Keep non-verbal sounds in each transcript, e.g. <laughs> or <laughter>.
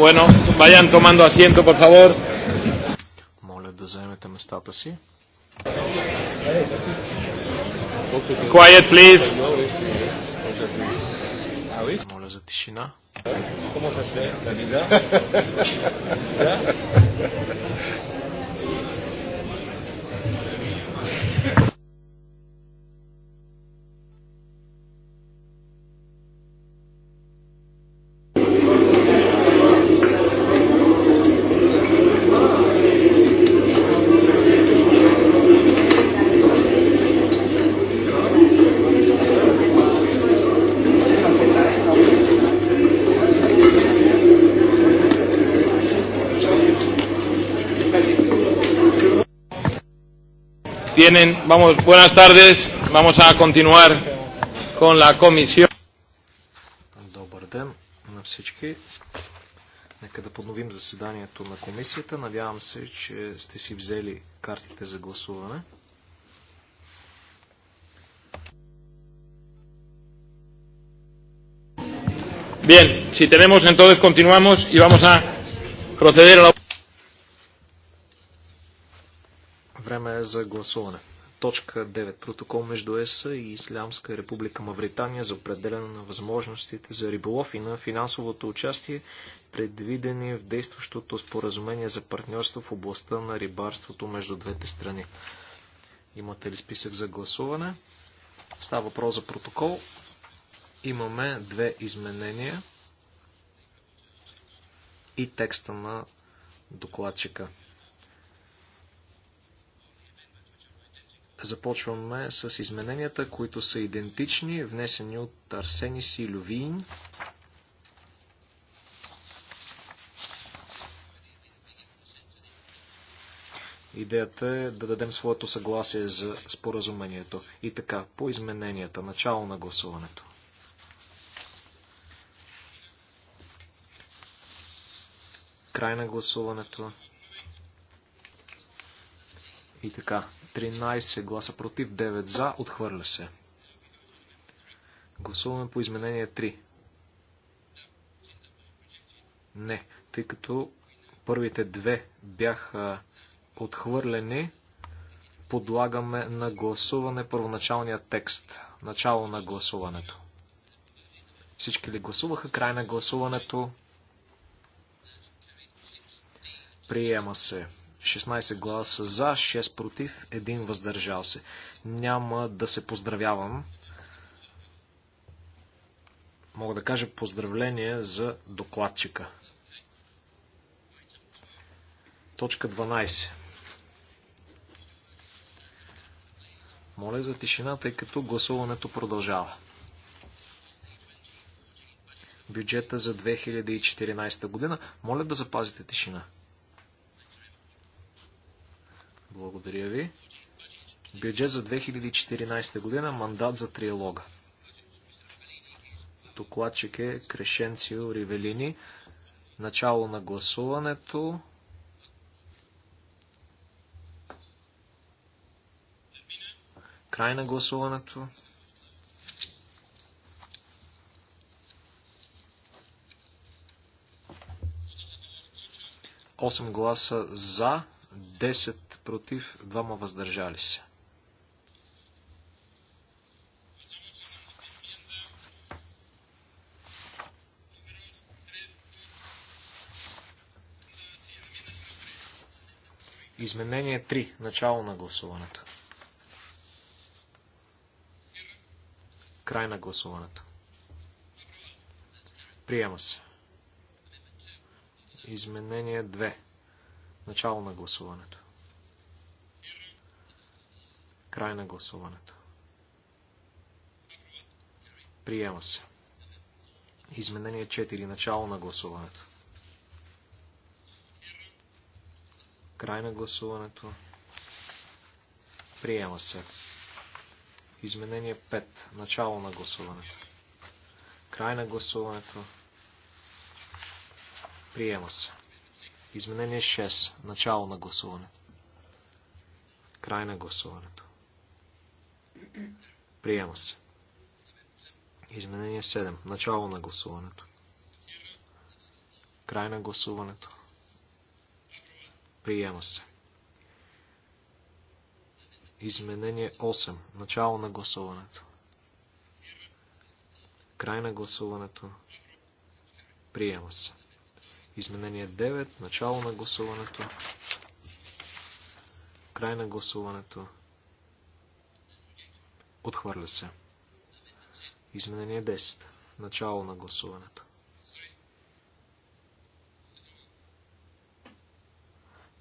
Bueno, vayan tomando asiento, por favor. Моля да заемете местата си. Quiet, please. Моля за тишина. Como se hace? ¿La vienen. Vamos, buenas tardes. Vamos a continuar con la comisión. Добър ден на всички. Нека да подновим заседанието на комисията. Надявам се, че сте си взели картите за гласуване. Bien, si tenemos entonces continuamos y vamos a proceder a la Време е за гласуване. Точка 9. Протокол между ЕС и Ислямска република Мавритания за определено на възможностите за риболов и на финансовото участие, предвидени в действащото споразумение за партньорство в областта на рибарството между двете страни. Имате ли списък за гласуване? Става въпрос за протокол. Имаме две изменения и текста на докладчика. Започваме с измененията, които са идентични, внесени от Арсени и Лювин. Идеята е да дадем своето съгласие за споразумението. И така, по измененията, начало на гласуването. Край на гласуването. И така, 13 гласа против, 9 за, отхвърля се. Гласуваме по изменение 3. Не, тъй като първите две бяха отхвърлени, подлагаме на гласуване първоначалния текст. Начало на гласуването. Всички ли гласуваха? Край на гласуването. Приема се. 16 гласа за, 6 против, 1 въздържал се. Няма да се поздравявам. Мога да кажа поздравление за докладчика. Точка 12. Моля за тишина, тъй като гласуването продължава. Бюджета за 2014 година. Моля да запазите тишина. Благодаря ви. Бюджет за 2014 година, мандат за триалога. Докладчик е Крешенцио Ривелини. Начало на гласуването. Край на гласуването. Осем гласа за, 10 против, двама въздържали се. Изменение 3. Начало на гласуването. Край на гласуването. Приема се. Изменение 2. Начало на гласуването. Край на гласуването. Приема се. Изменение 4. Начало на гласуването. Край на гласуването. Приема се. Изменение 5. Начало на гласуването. Край на гласуването. Приема се. Изменение 6. Начало на гласуване. Край на гласуването. Приема се. Изменение 7. Начало на гласуването. Край на гласуването. Приема се. Изменение 8. Начало на гласуването. Край на гласуването. Приема се. Изменение 9. Начало на гласуването. Край на гласуването. Отхвърля се. Изменение 10. Начало на гласуването.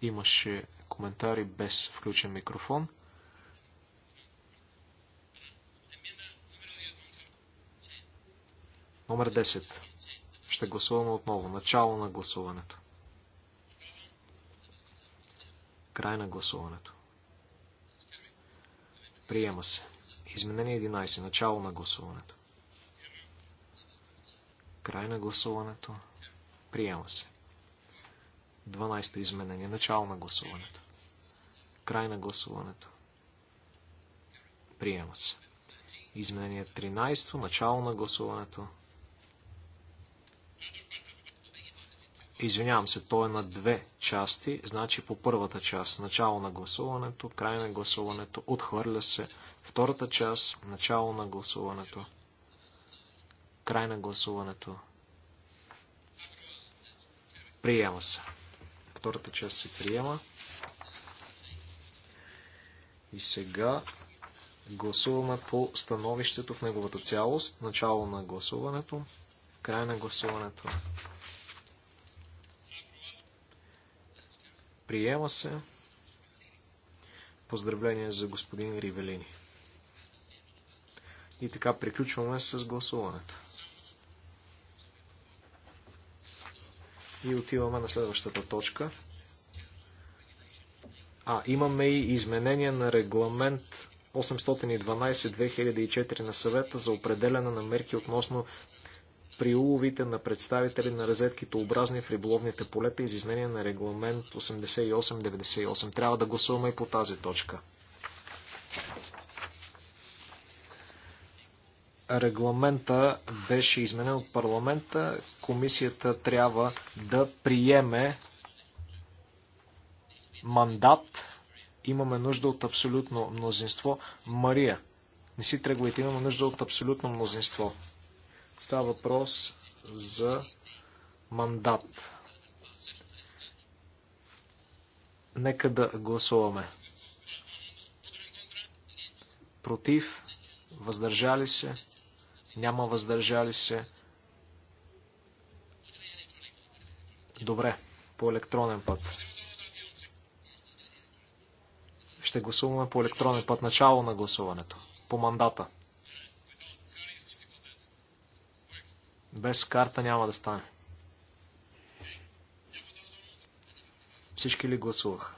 Имаше коментари без включен микрофон. Номер 10. Ще гласуваме отново. Начало на гласуването. Край на гласуването. Приема се. Изменение 11. Начало на гласуването. Край на гласуването. Приема се. 12. Изменение. Начало на гласуването. Край на гласуването. Приема се. Изменение 13. Начало на гласуването. Извинявам се, то е на две части, значи по първата част, начало на гласуването, край на гласуването, отхвърля се, Втората част, начало на гласуването. Край на гласуването. Приема се. Втората част се приема. И сега гласуваме по становището в неговата цялост. Начало на гласуването. Край на гласуването. Приема се. Поздравление за господин Ривелини. И така приключваме с гласуването. И отиваме на следващата точка. А, имаме и изменение на регламент 812-2004 на съвета за определяне на мерки относно при уловите на представители на разетките образни в риболовните полета из изменение на регламент 88-98. Трябва да гласуваме и по тази точка регламента беше изменен от парламента, комисията трябва да приеме мандат. Имаме нужда от абсолютно мнозинство. Мария, не си тръгвайте, имаме нужда от абсолютно мнозинство. Става въпрос за мандат. Нека да гласуваме. Против, въздържали се, няма въздържали се. Добре, по електронен път. Ще гласуваме по електронен път начало на гласуването. По мандата. Без карта няма да стане. Всички ли гласуваха?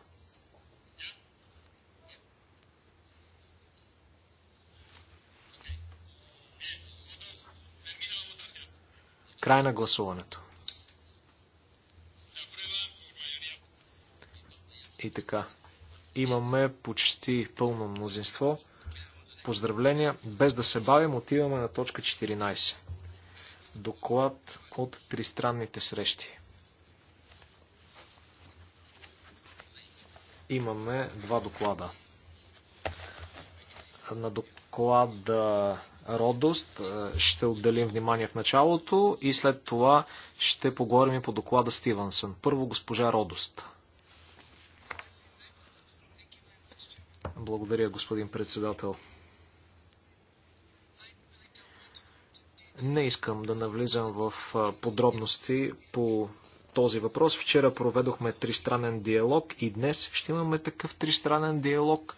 Край на гласуването. И така. Имаме почти пълно мнозинство. Поздравления. Без да се бавим, отиваме на точка 14. Доклад от тристранните срещи. Имаме два доклада. На доклада Родост е, ще отделим внимание в началото и след това ще поговорим и по доклада Стивенсън. Първо госпожа Родост. Благодаря, господин председател. Не искам да навлизам в подробности по този въпрос. Вчера проведохме тристранен диалог и днес ще имаме такъв тристранен диалог.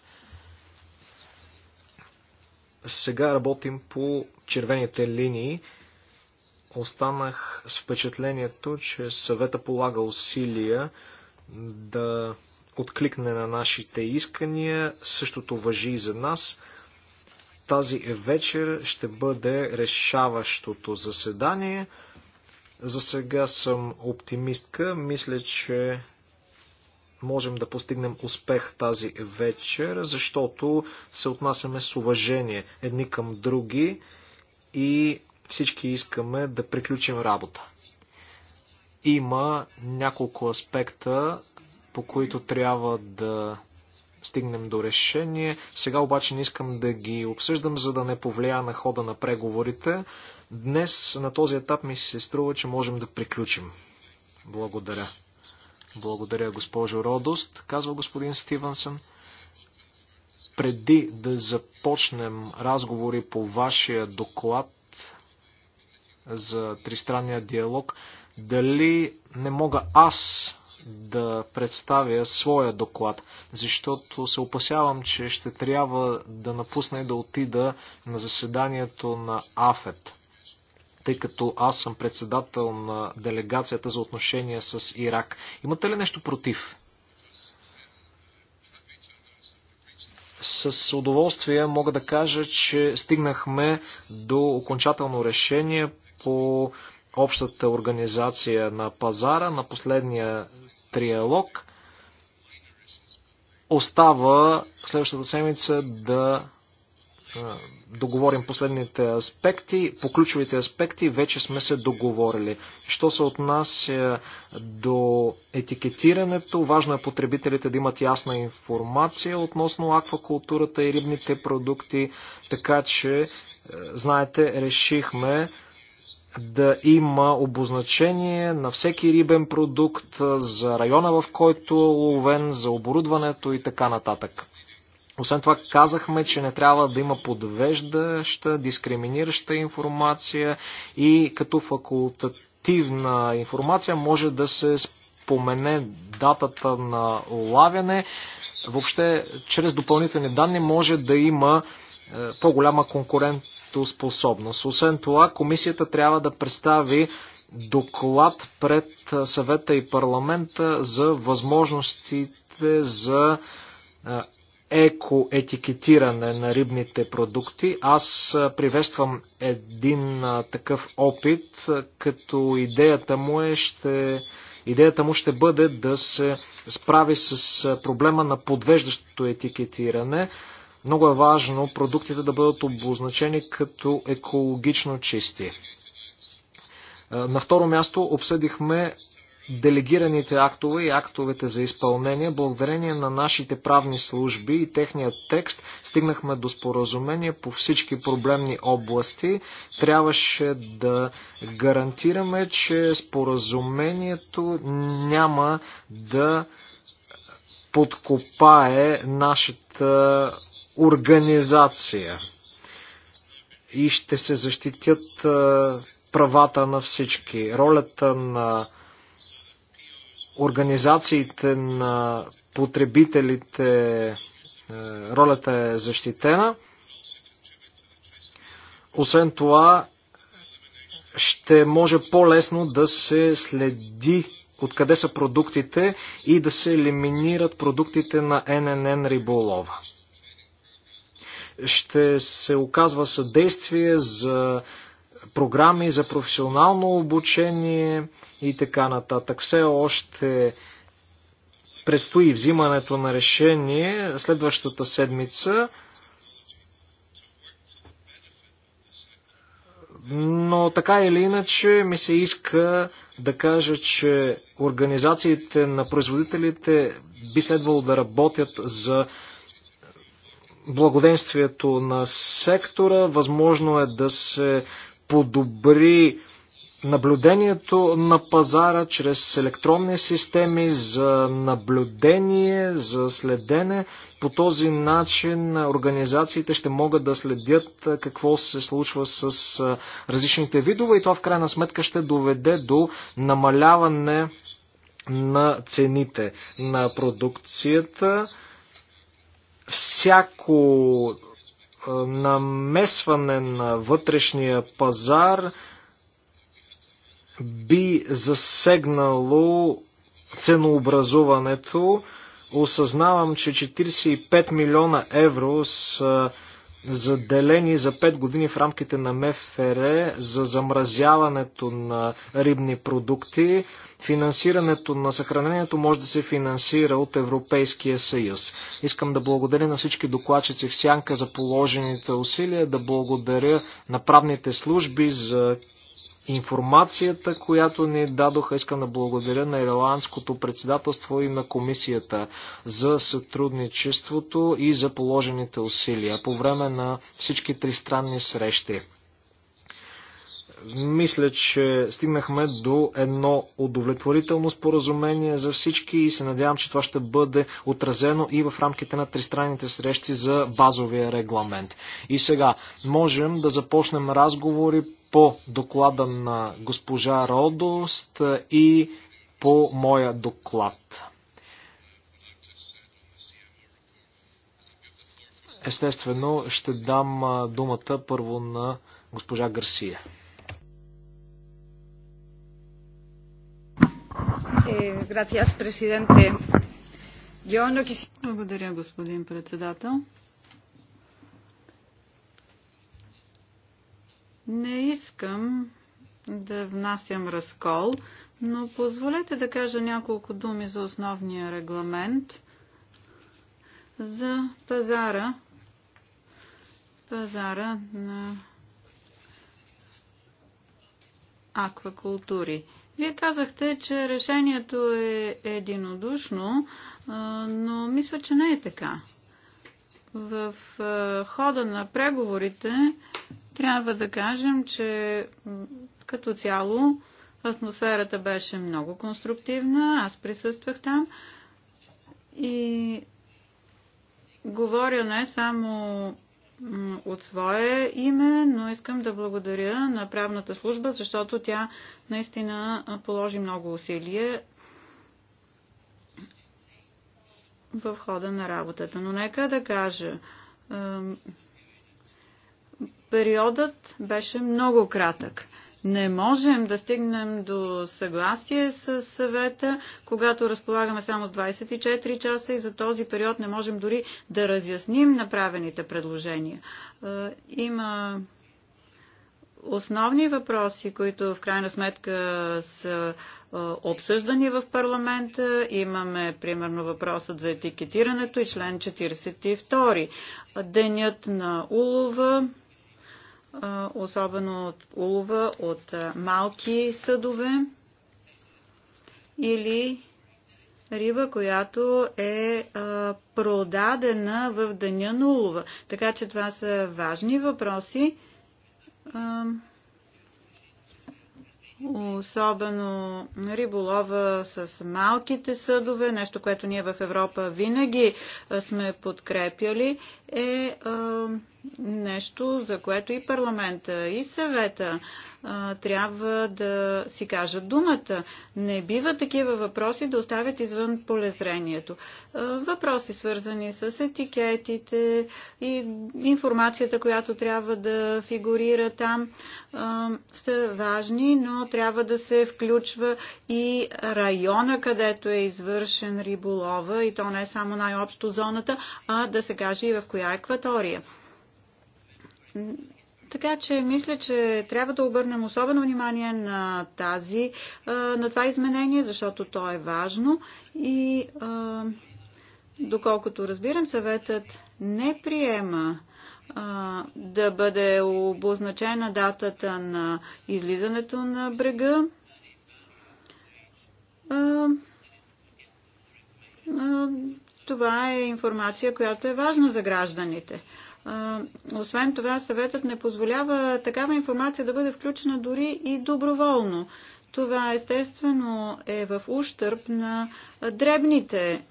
Сега работим по червените линии. Останах с впечатлението, че съвета полага усилия да откликне на нашите искания. Същото въжи и за нас. Тази вечер ще бъде решаващото заседание. За сега съм оптимистка. Мисля, че можем да постигнем успех тази вечер, защото се отнасяме с уважение едни към други и всички искаме да приключим работа. Има няколко аспекта, по които трябва да стигнем до решение. Сега обаче не искам да ги обсъждам, за да не повлия на хода на преговорите. Днес на този етап ми се струва, че можем да приключим. Благодаря. Благодаря, госпожо Родост, казва господин Стивенсън. Преди да започнем разговори по вашия доклад за тристранния диалог, дали не мога аз да представя своя доклад, защото се опасявам, че ще трябва да напусна и да отида на заседанието на АФЕТ тъй като аз съм председател на делегацията за отношения с Ирак. Имате ли нещо против? С удоволствие мога да кажа, че стигнахме до окончателно решение по общата организация на пазара на последния триалог. Остава следващата седмица да е, договорим последните аспекти. По ключовите аспекти вече сме се договорили. Що се отнася е, до етикетирането, важно е потребителите да имат ясна информация относно аквакултурата и рибните продукти, така че, е, знаете, решихме да има обозначение на всеки рибен продукт за района, в който е ловен, за оборудването и така нататък. Освен това казахме, че не трябва да има подвеждаща, дискриминираща информация и като факултативна информация може да се спомене датата на лавяне. Въобще, чрез допълнителни данни може да има е, по-голяма конкурентоспособност. Освен това, комисията трябва да представи доклад пред съвета и парламента за възможностите за е, екоетикетиране на рибните продукти. Аз приветствам един такъв опит, като идеята му е ще Идеята му ще бъде да се справи с проблема на подвеждащото етикетиране. Много е важно продуктите да бъдат обозначени като екологично чисти. На второ място обсъдихме делегираните актове и актовете за изпълнение. Благодарение на нашите правни служби и техния текст стигнахме до споразумение по всички проблемни области. Трябваше да гарантираме, че споразумението няма да подкопае нашата организация и ще се защитят правата на всички. Ролята на организациите на потребителите е, ролята е защитена. Освен това, ще може по-лесно да се следи откъде са продуктите и да се елиминират продуктите на ННН риболова. Ще се оказва съдействие за програми за професионално обучение и така нататък. Все още предстои взимането на решение следващата седмица, но така или иначе ми се иска да кажа, че организациите на производителите би следвало да работят за благоденствието на сектора. Възможно е да се подобри наблюдението на пазара чрез електронни системи за наблюдение, за следене. По този начин организациите ще могат да следят какво се случва с различните видове и това в крайна сметка ще доведе до намаляване на цените на продукцията. Всяко е, намесване на вътрешния пазар би засегнало ценообразуването. Осъзнавам, че 45 милиона евро са заделени за 5 години в рамките на МФР за замразяването на рибни продукти. Финансирането на съхранението може да се финансира от Европейския съюз. Искам да благодаря на всички докладчици в Сянка за положените усилия, да благодаря на правните служби за информацията, която ни дадоха. Искам да благодаря на Ирландското председателство и на комисията за сътрудничеството и за положените усилия по време на всички тристранни срещи. Мисля, че стигнахме до едно удовлетворително споразумение за всички и се надявам, че това ще бъде отразено и в рамките на тристранните срещи за базовия регламент. И сега можем да започнем разговори по доклада на госпожа Родост и по моя доклад. Естествено, ще дам думата първо на госпожа Гарсия. Е, Благодаря, господин председател. Не искам да внасям разкол, но позволете да кажа няколко думи за основния регламент за пазара, пазара на аквакултури. Вие казахте, че решението е единодушно, но мисля, че не е така. В хода на преговорите трябва да кажем, че като цяло атмосферата беше много конструктивна. Аз присъствах там и говоря не само от свое име, но искам да благодаря на правната служба, защото тя наистина положи много усилие в хода на работата. Но нека да кажа, периодът беше много кратък. Не можем да стигнем до съгласие с съвета, когато разполагаме само с 24 часа и за този период не можем дори да разясним направените предложения. Има основни въпроси, които в крайна сметка са е, обсъждани в парламента. Имаме, примерно, въпросът за етикетирането и член 42. Денят на улова, е, особено от улова от е, малки съдове или риба, която е продадена в деня на улова. Така че това са важни въпроси, особено риболова с малките съдове, нещо, което ние в Европа винаги сме подкрепяли, е нещо, за което и парламента, и съвета а, трябва да си кажат думата. Не бива такива въпроси да оставят извън полезрението. А, въпроси свързани с етикетите и информацията, която трябва да фигурира там, а, са важни, но трябва да се включва и района, където е извършен риболова и то не е само най-общо зоната, а да се каже и в коя екватория така че мисля, че трябва да обърнем особено внимание на, тази, на това изменение, защото то е важно и доколкото разбирам, съветът не приема да бъде обозначена датата на излизането на брега. Това е информация, която е важна за гражданите. Освен това, съветът не позволява такава информация да бъде включена дори и доброволно. Това естествено е в ущърп на дребните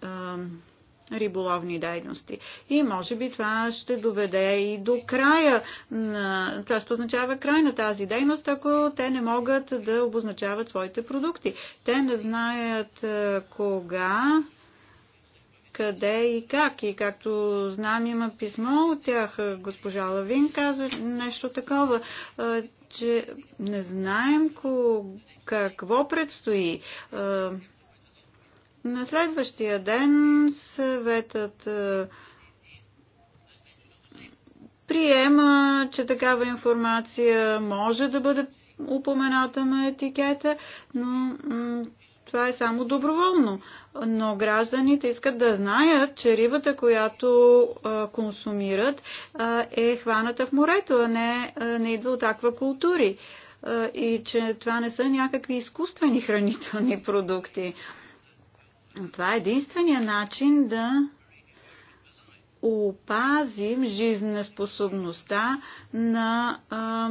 риболовни дейности. И може би това ще доведе и до края. На... Това ще означава край на тази дейност, ако те не могат да обозначават своите продукти. Те не знаят кога къде и как. И както знам, има писмо от тях. Госпожа Лавин каза нещо такова, че не знаем какво предстои. На следващия ден съветът приема, че такава информация може да бъде упомената на етикета, но това е само доброволно. Но гражданите искат да знаят, че рибата, която а, консумират, а, е хваната в морето, а не, а, не идва от аквакултури. А, и че това не са някакви изкуствени <laughs> хранителни продукти. Това е единствения начин да опазим жизнеспособността на. А,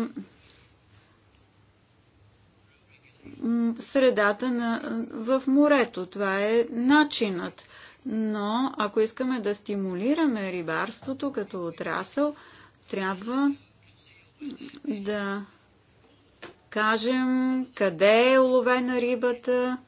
средата на, в морето. Това е начинът. Но ако искаме да стимулираме рибарството като отрасъл, трябва да кажем къде е уловена рибата,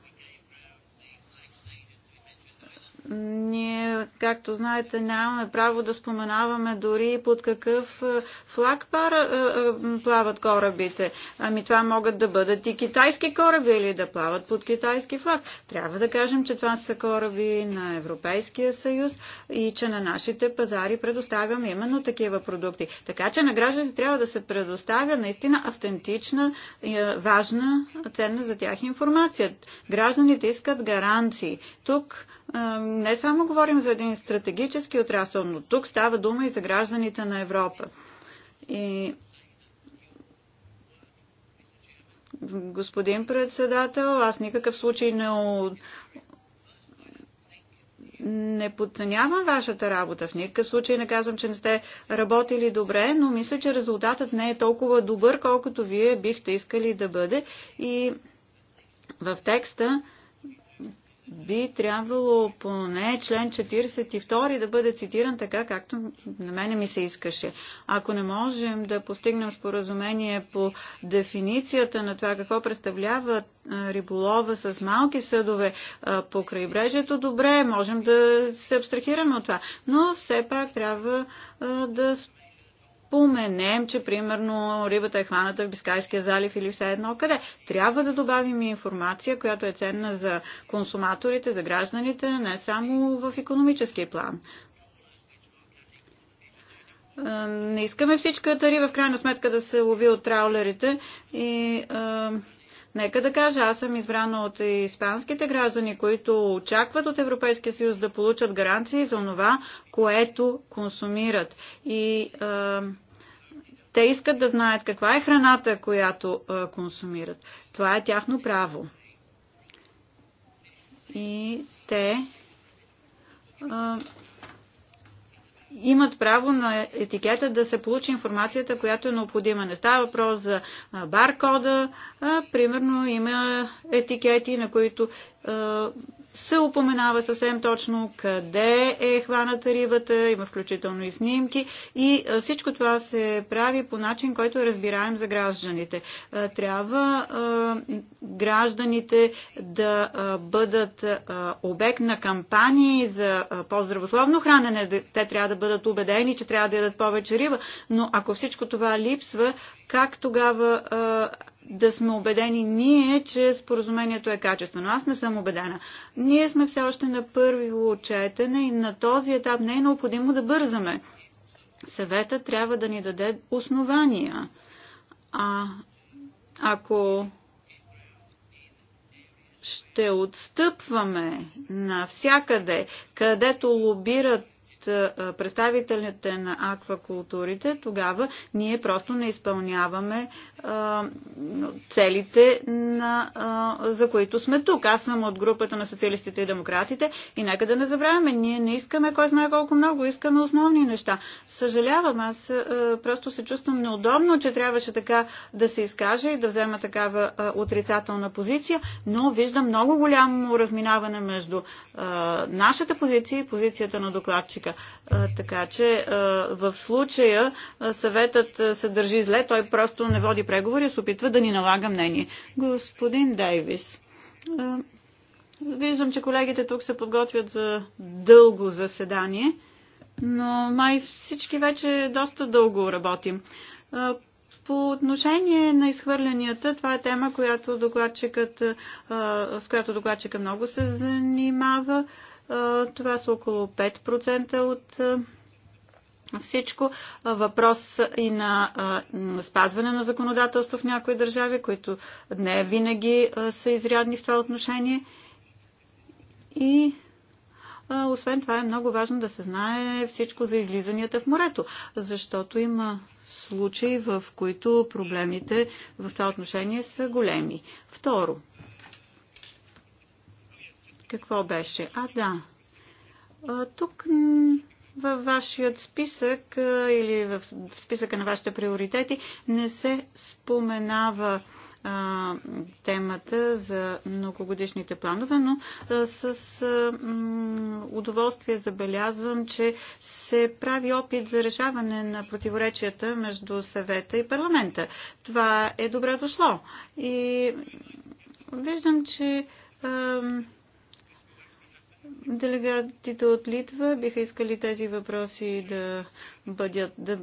ние, както знаете, нямаме право да споменаваме дори под какъв е, флаг пара, е, е, плават корабите. Ами това могат да бъдат и китайски кораби или да плават под китайски флаг. Трябва да кажем, че това са кораби на Европейския съюз и че на нашите пазари предоставяме именно такива продукти. Така че на гражданите трябва да се предоставя наистина автентична, важна, ценна за тях информация. Гражданите искат гаранции. Тук не само говорим за един стратегически отрасъл, но тук става дума и за гражданите на Европа. И господин председател, аз никакъв случай не, не подценявам вашата работа. В никакъв случай не казвам, че не сте работили добре, но мисля, че резултатът не е толкова добър, колкото вие бихте искали да бъде. И в текста би трябвало поне член 42 да бъде цитиран така, както на мене ми се искаше. Ако не можем да постигнем споразумение по дефиницията на това какво представлява риболова с малки съдове по крайбрежието, добре, можем да се абстрахираме от това. Но все пак трябва да споменем, че примерно рибата е хваната в Бискайския залив или все едно къде. Трябва да добавим информация, която е ценна за консуматорите, за гражданите, не само в економически план. Е, не искаме всичката риба в крайна сметка да се лови от траулерите и е, Нека да кажа, аз съм избрана от испанските граждани, които очакват от Европейския съюз да получат гаранции за това, което консумират. И а, е, те искат да знаят каква е храната, която а, консумират. Това е тяхно право. И те а, имат право на етикета да се получи информацията, която е необходима. Не става въпрос за баркода, а примерно има етикети, на които а, се упоменава съвсем точно къде е хваната рибата, има включително и снимки и всичко това се прави по начин, който е разбираем за гражданите. Трябва гражданите да бъдат обект на кампании за по-здравословно хранене. Те трябва да бъдат убедени, че трябва да ядат повече риба, но ако всичко това липсва, как тогава да сме убедени ние, че споразумението е качествено. Аз не съм убедена. Ние сме все още на първо четене и на този етап не е необходимо да бързаме. Съвета трябва да ни даде основания. А ако ще отстъпваме навсякъде, където лобират представителите на аквакултурите, тогава ние просто не изпълняваме целите, на, за които сме тук. Аз съм от групата на социалистите и демократите и нека да не забравяме, ние не искаме кой знае колко много, искаме основни неща. Съжалявам, аз просто се чувствам неудобно, че трябваше така да се изкаже и да взема такава отрицателна позиция, но виждам много голямо разминаване между нашата позиция и позицията на докладчика. Така че в случая съветът се държи зле, той просто не води преговори, се опитва да ни налага мнение. Господин Дейвис, виждам, че колегите тук се подготвят за дълго заседание, но май всички вече доста дълго работим. По отношение на изхвърлянията, това е тема, която докладчикът, с която докладчика много се занимава. Това са около 5% от всичко. Въпрос и на спазване на законодателство в някои държави, които не винаги са изрядни в това отношение. И освен това е много важно да се знае всичко за излизанията в морето, защото има случаи, в които проблемите в това отношение са големи. Второ, какво беше? А, да. А, тук във вашият списък а, или в списъка на вашите приоритети не се споменава а, темата за многогодишните планове, но а, с а, м, удоволствие забелязвам, че се прави опит за решаване на противоречията между съвета и парламента. Това е добре дошло. И виждам, че а, Делегатите от Литва биха искали тези въпроси да бъдат, да,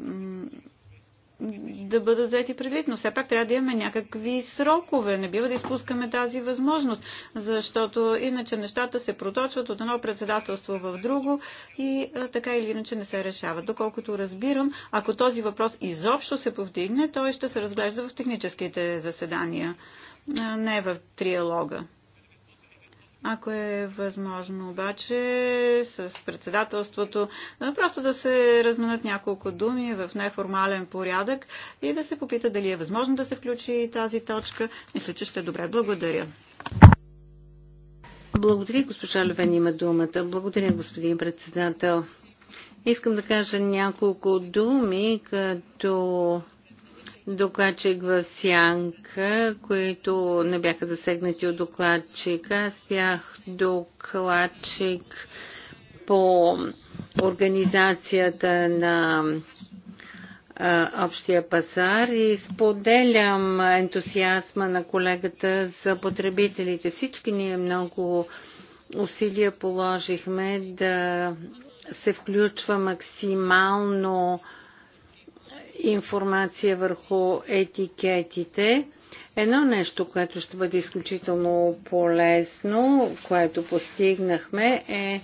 да бъдат взети предвид, но все пак трябва да имаме някакви срокове. Не бива да изпускаме тази възможност, защото иначе нещата се проточват от едно председателство в друго и а, така или иначе не се решават. Доколкото разбирам, ако този въпрос изобщо се повдигне, той ще се разглежда в техническите заседания, а не в триалога. Ако е възможно обаче с председателството просто да се разменят няколко думи в неформален порядък и да се попита дали е възможно да се включи тази точка, мисля, че ще е добре. Благодаря. Благодаря, госпожа Левен има думата. Благодаря, господин председател. Искам да кажа няколко думи като докладчик в Сянка, които не бяха засегнати от докладчика. Аз бях докладчик по организацията на общия пазар и споделям ентусиазма на колегата за потребителите. Всички ние много усилия положихме да се включва максимално информация върху етикетите. Едно нещо, което ще бъде изключително полезно, което постигнахме е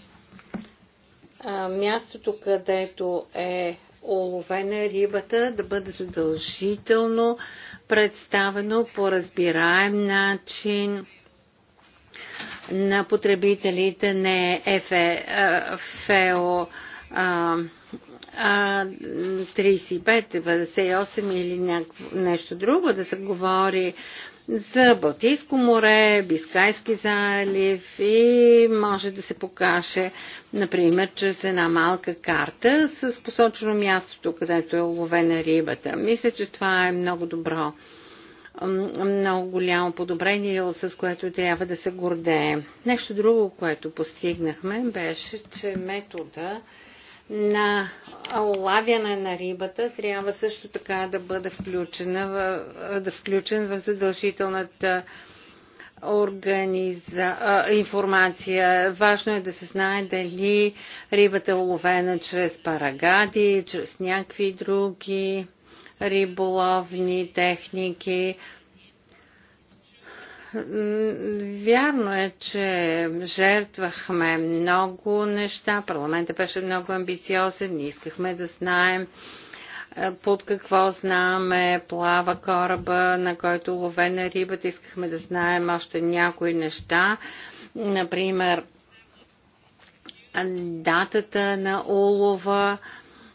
мястото, където е оловена рибата, да бъде задължително представено по разбираем начин на потребителите, не е ФЕО а, а, 35, 58 или някакво, нещо друго, да се говори за Балтийско море, Бискайски залив и може да се покаже, например, чрез една малка карта с посочено мястото, където е уловена рибата. Мисля, че това е много добро, много голямо подобрение, с което трябва да се гордеем. Нещо друго, което постигнахме, беше, че метода на олавяне на рибата трябва също така да бъде включена в, да включен в задължителната организа, а, информация. Важно е да се знае дали рибата е уловена чрез парагади, чрез някакви други риболовни техники. Вярно е, че жертвахме много неща. Парламентът беше много амбициозен. Ние искахме да знаем е, под какво знаме плава кораба, на който е ловена рибата. Искахме да знаем още някои неща. Например, датата на улова.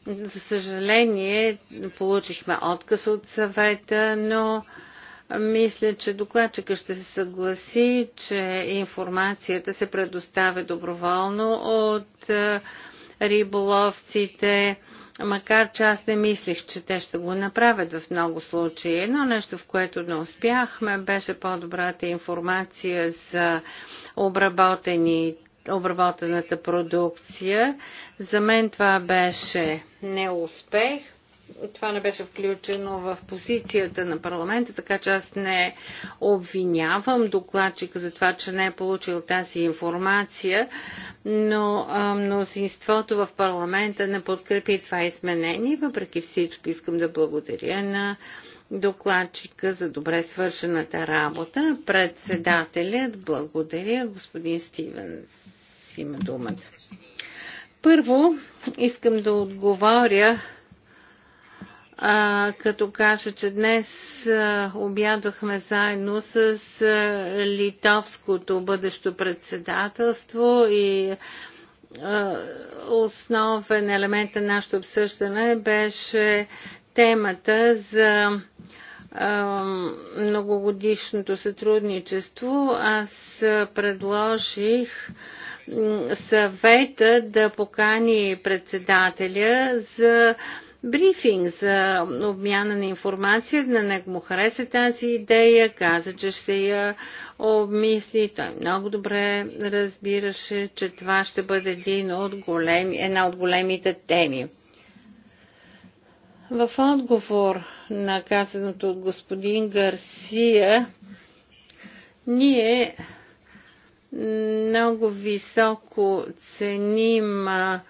За съжаление, получихме отказ от съвета, но мисля, че докладчика ще се съгласи, че информацията се предоставя доброволно от е, риболовците, макар че аз не мислех, че те ще го направят в много случаи. Едно нещо, в което не успяхме, беше по-добрата информация за обработени обработената продукция. За мен това беше неуспех това не беше включено в позицията на парламента, така че аз не обвинявам докладчика за това, че не е получил тази информация, но мнозинството в парламента не подкрепи това изменение. Въпреки всичко искам да благодаря на докладчика за добре свършената работа. Председателят благодаря. Господин Стивенс има думата. Първо искам да отговоря а, като кажа, че днес а, обядохме заедно с а, литовското бъдещо председателство и а, основен елемент на нашето обсъждане беше темата за многогодишното сътрудничество, аз предложих съвета да покани председателя за брифинг за обмяна на информация. На него му хареса тази идея, каза, че ще я обмисли. Той много добре разбираше, че това ще бъде един от големи, една от големите теми. В отговор на казаното от господин Гарсия, ние много високо ценим а,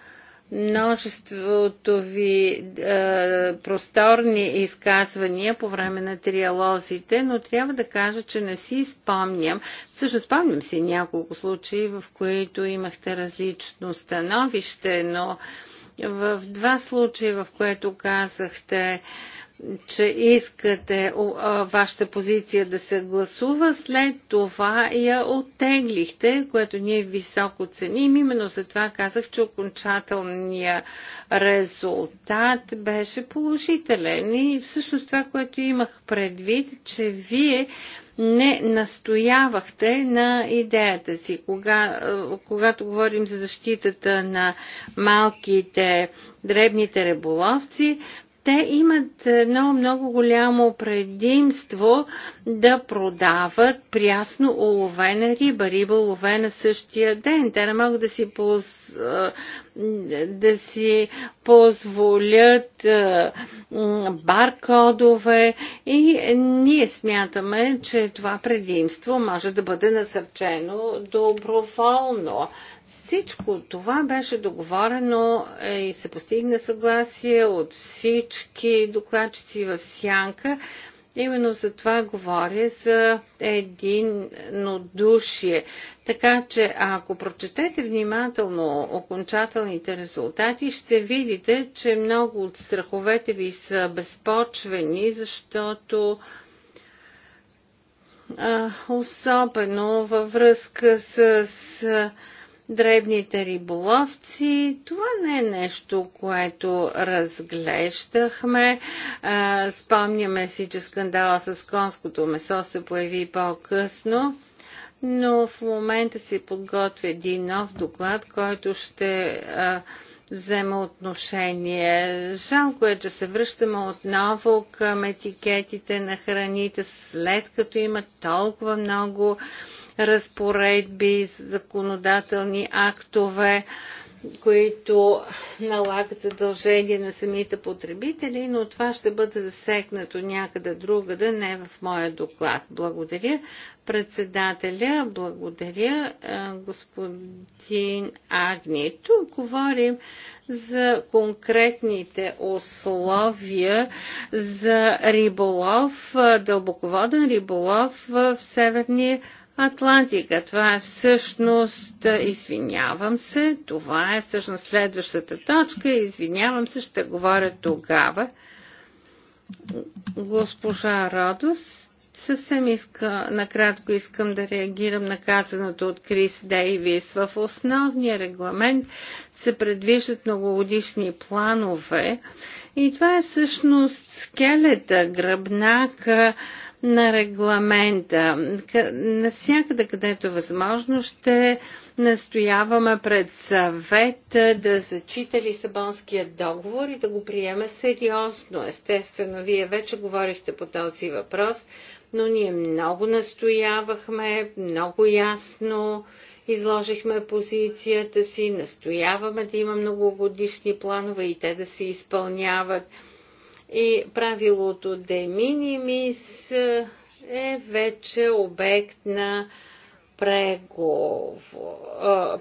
множеството ви е, просторни изказвания по време на триалозите, но трябва да кажа, че не си спомням. Също спомням си няколко случаи, в които имахте различно становище, но в два случая, в което казахте, е, че искате вашата позиция да се гласува, след това я оттеглихте, което ние високо ценим. Именно за това казах, че окончателният резултат беше положителен. И всъщност това, което имах предвид, че вие не настоявахте на идеята си. Кога, когато говорим за защитата на малките дребните реболовци, те имат едно много голямо предимство да продават прясно уловена риба, риба уловена същия ден. Те не могат да си, поз, да си позволят баркодове и ние смятаме, че това предимство може да бъде насърчено доброволно. Всичко това беше договорено е, и се постигна съгласие от всички докладчици в Сянка. Именно за това говоря за единодушие. Така че ако прочетете внимателно окончателните резултати, ще видите, че много от страховете ви са безпочвени, защото а, особено във връзка с, с дребните риболовци. Това не е нещо, което разглеждахме. Спомняме си, че скандала с конското месо се появи по-късно но в момента си подготвя един нов доклад, който ще взема отношение. Жалко е, че се връщаме отново към етикетите на храните, след като има толкова много а, разпоредби, законодателни актове, които налагат задължение на самите потребители, но това ще бъде засегнато някъде другаде, не в моя доклад. Благодаря. Председателя, благодаря господин Агни. Тук говорим за конкретните условия за риболов, дълбоководен риболов в Северния Атлантика. Това е всъщност, извинявам се, това е всъщност следващата точка. Извинявам се, ще говоря тогава. Госпожа Родос, съвсем иска, накратко искам да реагирам на казаното от Крис Дейвис. В основния регламент се предвиждат многогодишни планове и това е всъщност скелета, гръбнака на регламента. Навсякъде, където е възможно, ще настояваме пред съвет да зачита Лисабонския договор и да го приеме сериозно. Естествено, вие вече говорихте по този въпрос, но ние много настоявахме, много ясно изложихме позицията си, настояваме да има многогодишни планове и те да се изпълняват и правилото де минимис е вече обект на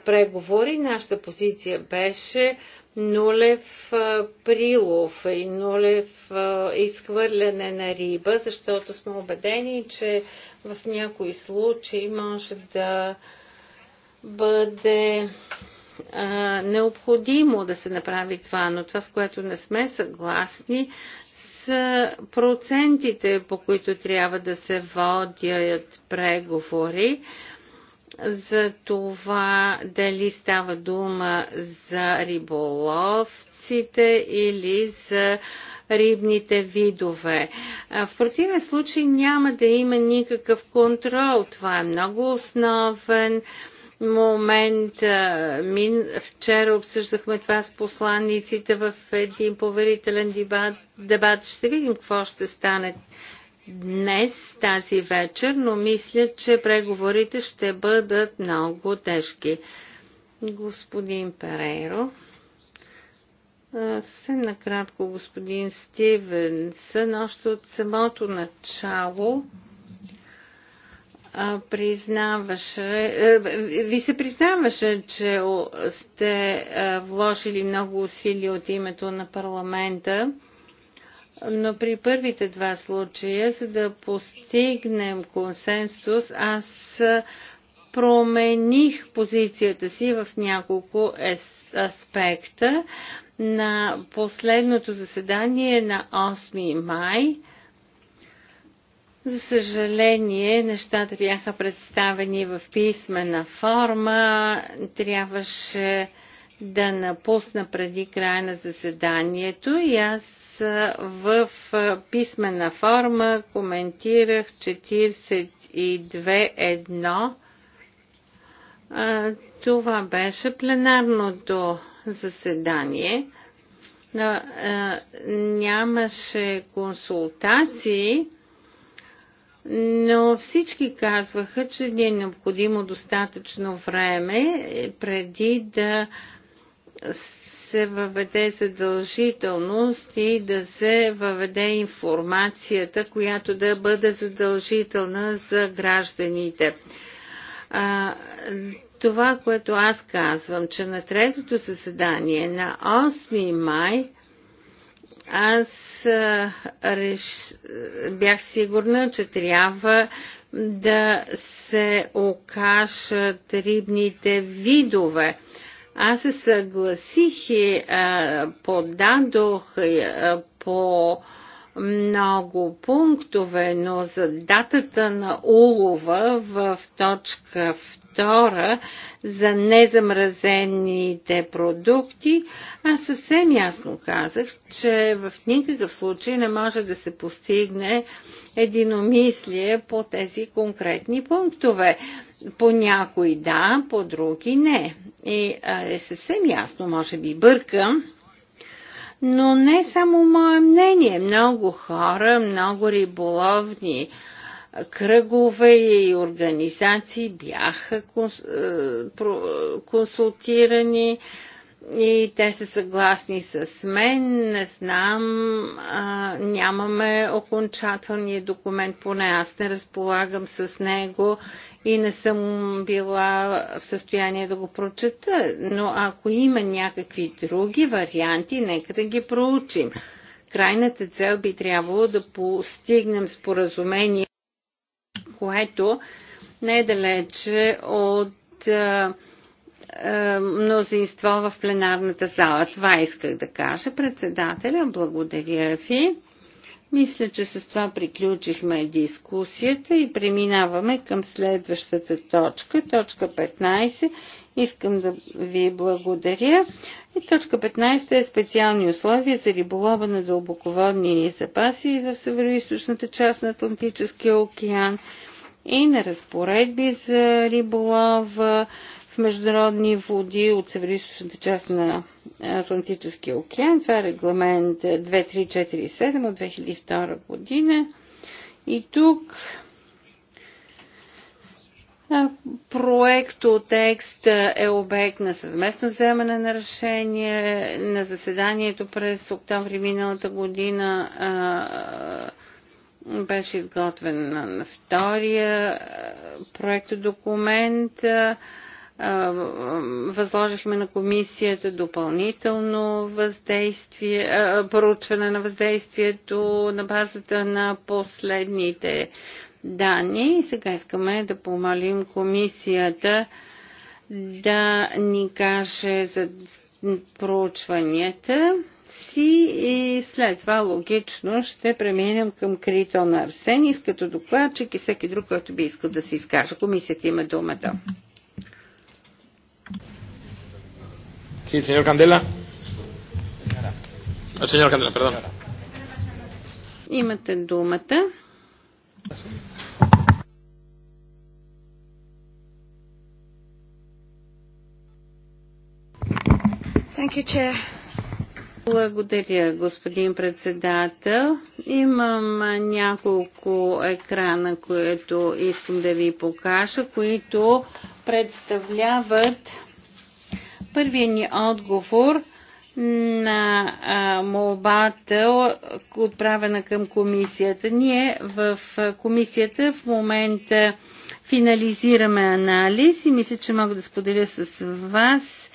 преговори. Нашата позиция беше нулев прилов и нулев изхвърляне на риба, защото сме убедени, че в някои случаи може да бъде а, необходимо да се направи това, но това, с което не сме съгласни, са процентите, по които трябва да се водят преговори за това дали става дума за риболовците или за рибните видове. В противен случай няма да има никакъв контрол. Това е много основен момент. Мин, вчера обсъждахме това с посланниците в един поверителен дебат. дебат. Ще видим какво ще стане днес, тази вечер, но мисля, че преговорите ще бъдат много тежки. Господин Перейро. Съвсем накратко, господин Стивенсън, още от самото начало признаваше, е, ви се признаваше, че сте е, вложили много усилия от името на парламента, но при първите два случая, за да постигнем консенсус, аз промених позицията си в няколко аспекта. На последното заседание на 8 май – за съжаление, нещата бяха представени в писмена форма. Трябваше да напусна преди края на заседанието и аз в писмена форма коментирах 42.1. Това беше пленарното заседание. Нямаше консултации но всички казваха, че ни е необходимо достатъчно време е, преди да се въведе задължителност и да се въведе информацията, която да бъде задължителна за гражданите. А, това, което аз казвам, че на третото съседание на 8 май аз реш... бях сигурна, че трябва да се окажат рибните видове. Аз се съгласих и подадох по много пунктове, но за датата на улова в точка втора за незамразените продукти, аз съвсем ясно казах, че в никакъв случай не може да се постигне единомислие по тези конкретни пунктове. По някои да, по други не. И е съвсем ясно, може би бъркам, но не само мое мнение. Много хора, много риболовни кръгове и организации бяха е, консултирани и те са съгласни с мен. Не знам, нямаме окончателния документ, поне аз не разполагам с него и не съм била в състояние да го прочета. Но ако има някакви други варианти, нека да ги проучим. Крайната цел би трябвало да постигнем споразумение което не е далече от а, а, мнозинство в пленарната зала. Това исках да кажа. Председателя, благодаря ви. Мисля, че с това приключихме дискусията и преминаваме към следващата точка, точка 15. Искам да ви благодаря. И точка 15 е специални условия за риболова на дълбоководни запаси в северо част на Атлантическия океан – и на разпоредби за риболова в международни води от североисточната част на Атлантическия океан. Това е регламент 2347 от 2002 година. И тук от текст е обект на съвместно вземане на решение. На заседанието през октомври миналата година беше изготвен на втория проектодокумент. Възложихме на комисията допълнително въздействие, поручване на въздействието на базата на последните данни. И сега искаме да помолим комисията да ни каже за проучванията си и след това логично ще преминем към Крито на Арсенис като докладчик и всеки друг, който би искал да се изкаже. Комисията има думата. Sí, сеньор Кандела. El señor Candela, perdón. Имате думата. Thank you, Chair. Благодаря, господин председател. Имам няколко екрана, които искам да ви покажа, които представляват първия ни отговор на молбата, отправена към комисията. Ние в комисията в момента финализираме анализ и мисля, че мога да споделя с вас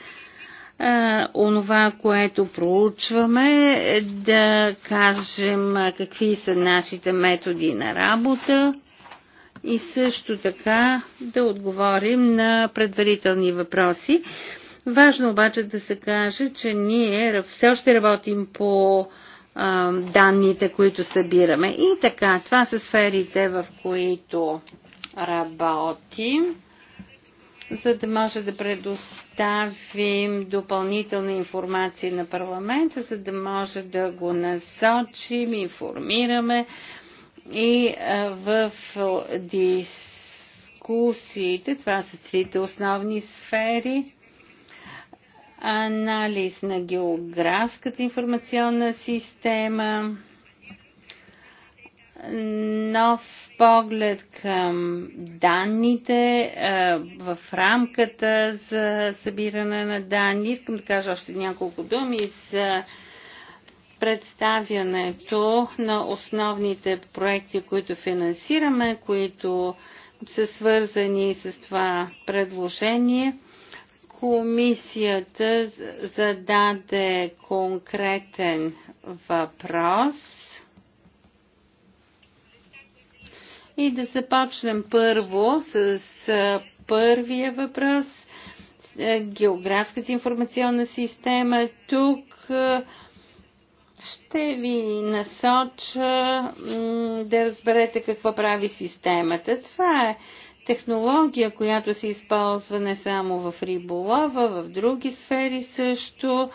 онова, което проучваме, е да кажем какви са нашите методи на работа и също така да отговорим на предварителни въпроси. Важно обаче да се каже, че ние все още работим по а, данните, които събираме. И така, това са сферите, в които работим за да може да предоставим допълнителна информация на парламента, за да може да го насочим, информираме и в дискусиите, това са трите основни сфери, анализ на географската информационна система, нов поглед към данните в рамката за събиране на данни. Искам да кажа още няколко думи за представянето на основните проекти, които финансираме, които са свързани с това предложение. Комисията зададе конкретен въпрос и да започнем първо с първия въпрос е, географската информационна система. Тук ще ви насоча да разберете какво прави системата. Това е технология, която се използва не само в риболова, в други сфери също.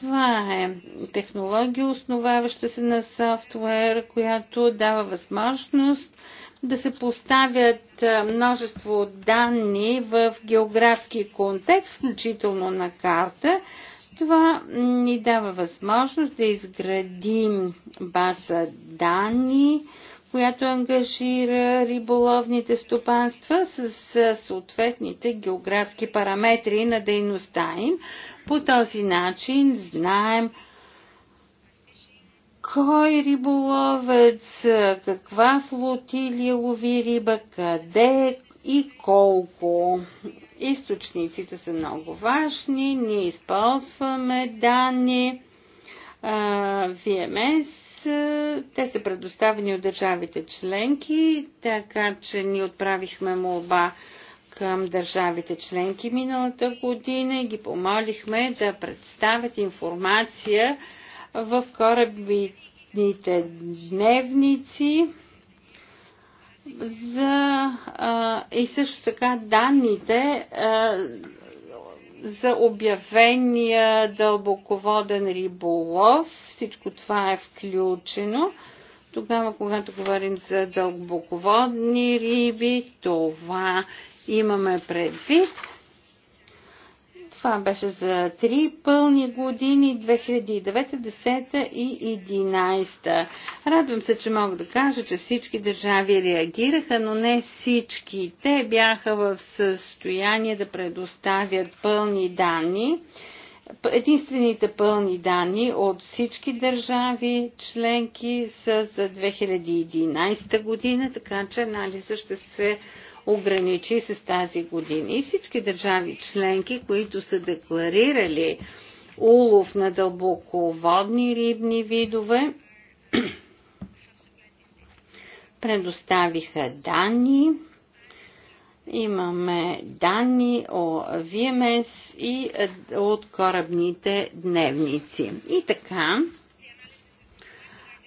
Това е технология, основаваща се на софтуер, която дава възможност да се поставят множество данни в географски контекст, включително на карта. Това ни дава възможност да изградим база данни, която ангажира риболовните стопанства с съответните географски параметри на дейността им. По този начин знаем кой риболовец, каква флотилия лови риба, къде и колко. Източниците са много важни, ние използваме данни, ВМС, те са предоставени от държавите членки, така че ни отправихме молба към държавите членки миналата година и ги помолихме да представят информация в корабните дневници за, а, и също така данните а, за обявения дълбоководен риболов. Всичко това е включено. Тогава, когато говорим за дълбоководни риби, това имаме предвид. Това беше за три пълни години 2009, 10 и 2011. Радвам се, че мога да кажа, че всички държави реагираха, но не всички. Те бяха в състояние да предоставят пълни данни. Единствените пълни данни от всички държави членки са за 2011 година, така че анализа ще се ограничи с тази година. И всички държави членки, които са декларирали улов на дълбоководни рибни видове, <clears throat> предоставиха данни. Имаме данни о ВМС и от корабните дневници. И така,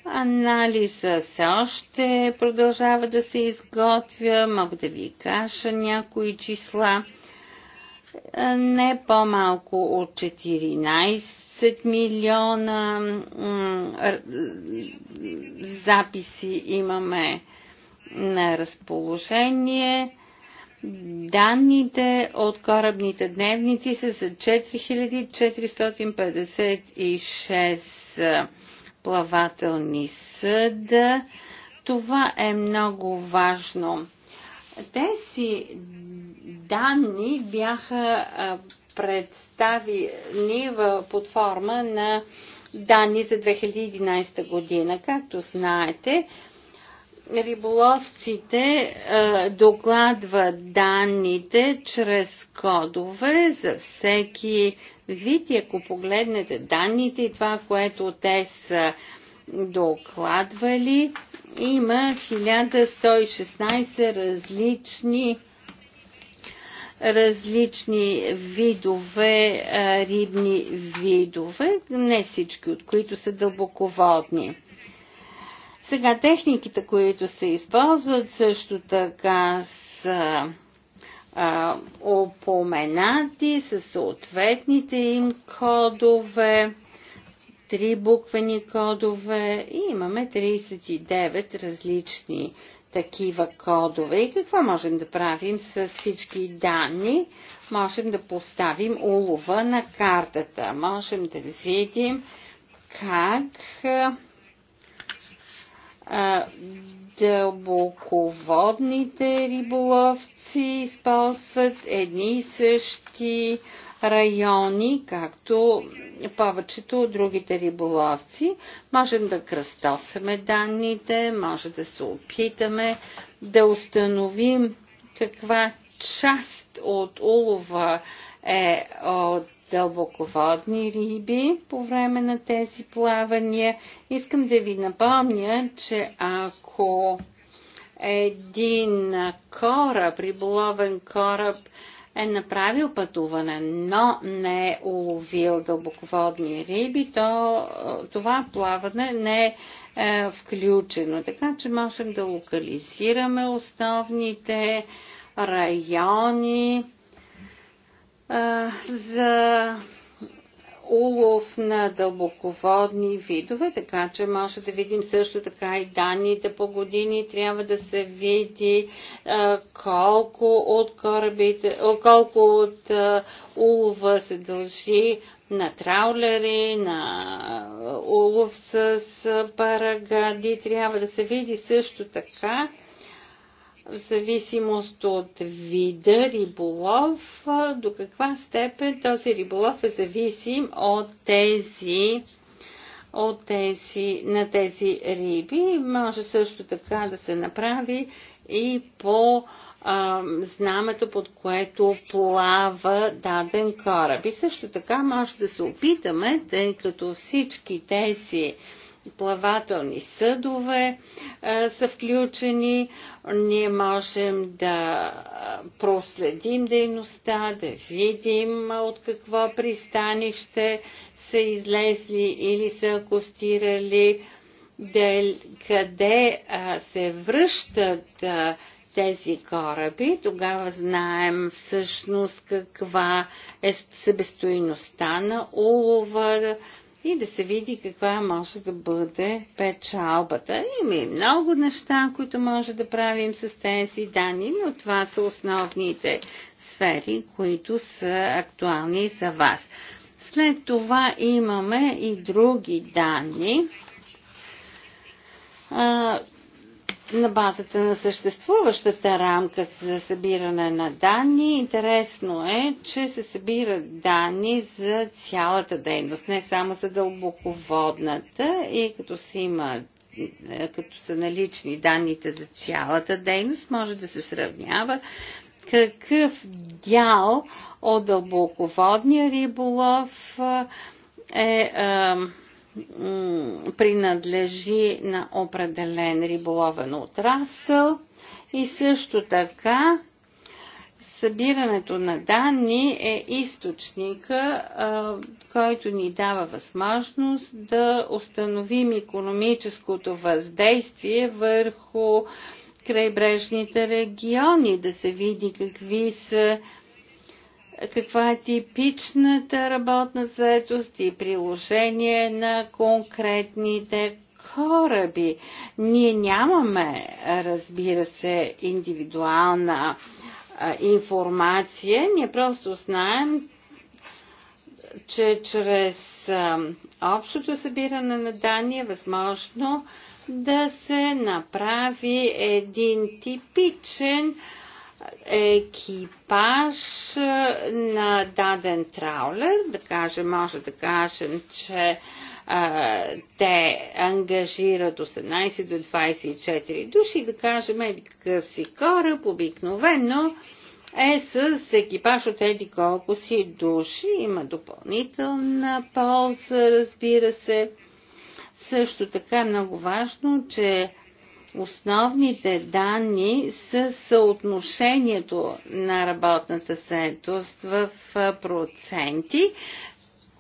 Анализа все още продължава да се изготвя. Мога да ви кажа някои числа. Е, не по-малко от 14 милиона записи имаме на разположение. Данните от корабните дневници са за 4456 плавателни съда. Това е много важно. Тези данни бяха представени под форма на данни за 2011 година. Както знаете, риболовците докладват данните чрез кодове за всеки вид и ако погледнете данните и това, което те са докладвали, има 1116 различни различни видове, рибни видове, не всички от които са дълбоководни. Сега техниките, които се използват, също така са а, с съответните им кодове, три буквени кодове и имаме 39 различни такива кодове. И какво можем да правим с всички данни? Можем да поставим улова на картата. Можем да видим как дълбоководните риболовци използват едни и същи райони, както повечето от другите риболовци. Можем да кръстосаме данните, може да се опитаме да установим каква част от улова е от дълбоководни риби по време на тези плавания. Искам да ви напомня, че ако един кораб, риболовен кораб е направил пътуване, но не е уловил дълбоководни риби, то е, това плаване не е е включено. Така че можем да локализираме основните райони за улов на дълбоководни видове, така че може да видим също така и данните по години. Трябва да се види а, колко от корабите, колко от а, улова се дължи на траулери, на улов с парагади. Трябва да се види също така в зависимост от вида риболов, до каква степен този риболов е зависим от тези от тези, на тези риби. Може също така да се направи и по а, знамето, под което плава даден кораб. И също така може да се опитаме, тъй като всички тези а, плавателни съдове е, са включени. Ние можем да е, проследим дейността, да видим е, от какво пристанище са излезли или са акостирали, да, къде а, се връщат а, тези кораби, тогава знаем всъщност каква е себестоиността на улова, и да се види каква може да бъде печалбата. Има и много неща, които може да правим с тези данни, но това са основните сфери, които са актуални за вас. След това имаме и други данни, на базата на съществуващата рамка за събиране на данни. Интересно е, че се събират данни за цялата дейност, не само за дълбоководната и като се има е, като са налични данните за цялата дейност, може да се сравнява какъв дял от дълбоководния риболов е, е принадлежи на определен риболовен отрасъл и също така събирането на данни е източника, който ни дава възможност да установим економическото въздействие върху крайбрежните региони, да се види какви са каква е типичната работна заедост и приложение на конкретните кораби. Ние нямаме, разбира се, индивидуална а, информация, ние просто знаем, че чрез а, общото събиране на данни е възможно да се направи един типичен а, екипаж на даден траулер, да кажем, може да кажем, че а, те ангажират 18 до 24 души, да кажем, еди какъв си кораб, обикновено е с екипаж от еди колко си души, има допълнителна полза, разбира се. Също така е много важно, че Основните данни са съотношението на работната заетост в проценти.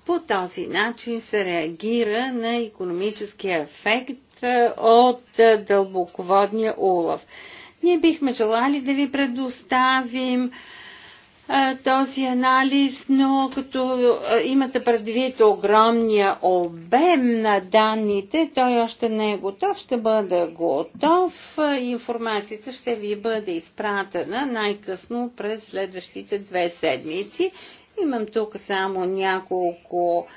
По този начин се реагира на економическия ефект от дълбоководния улов. Ние бихме желали да ви предоставим е, този анализ, но като е, имате предвид огромния обем на данните, той още не е готов, ще бъде готов. Е, информацията ще ви бъде изпратена най-късно през следващите две седмици. Имам тук само няколко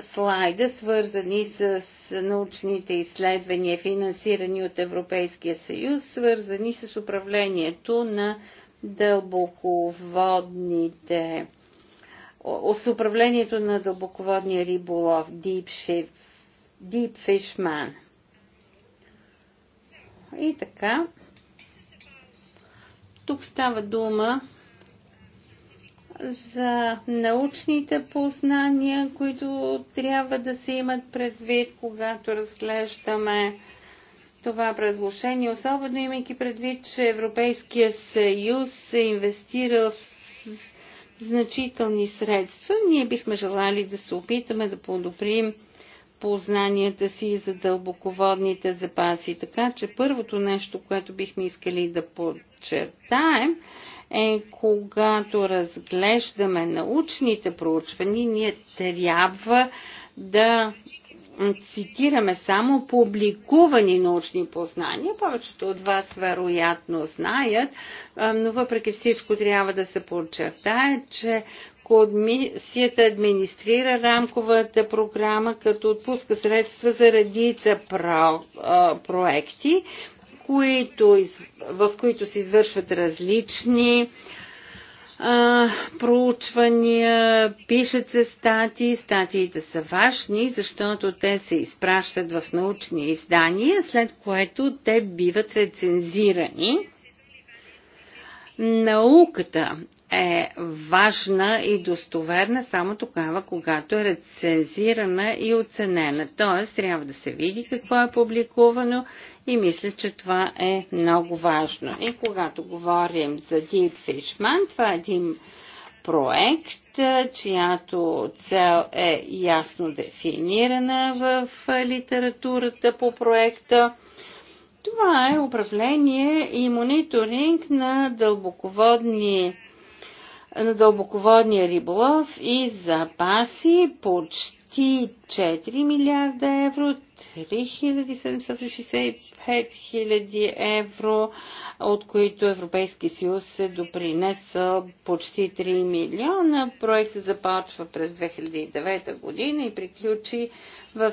слайда, свързани с научните изследвания, финансирани от Европейския съюз, свързани с управлението на дълбоководните с управлението на дълбоководния риболов Deep, Shift, Deep Fishman. И така, тук става дума за научните познания, които трябва да се имат предвид, когато разглеждаме това предложение, особено имайки предвид, че Европейския съюз е инвестирал с значителни средства. Ние бихме желали да се опитаме да подобрим познанията си за дълбоководните запаси. Така че първото нещо, което бихме искали да подчертаем, е когато разглеждаме научните проучвания, ние трябва да цитираме само публикувани научни познания. Повечето от вас вероятно знаят, но въпреки всичко трябва да се подчертае, че Комисията администрира рамковата програма, като отпуска средства за редица про, проекти, които, в които се извършват различни а, проучвания, пишат се статии. Статиите са важни, защото те се изпращат в научни издания, след което те биват рецензирани. Науката е важна и достоверна само тогава, когато е рецензирана и оценена. Т.е. трябва да се види какво е публикувано и мисля, че това е много важно. И когато говорим за Deep Fishman, това е един проект, чиято цел е ясно дефинирана в литературата по проекта. Това е управление и мониторинг на дълбоководни на дълбоководния риболов и запаси почти 4 милиарда евро, 3765 хиляди евро, от които Европейски съюз се допринеса почти 3 милиона. Проектът започва през 2009 година и приключи в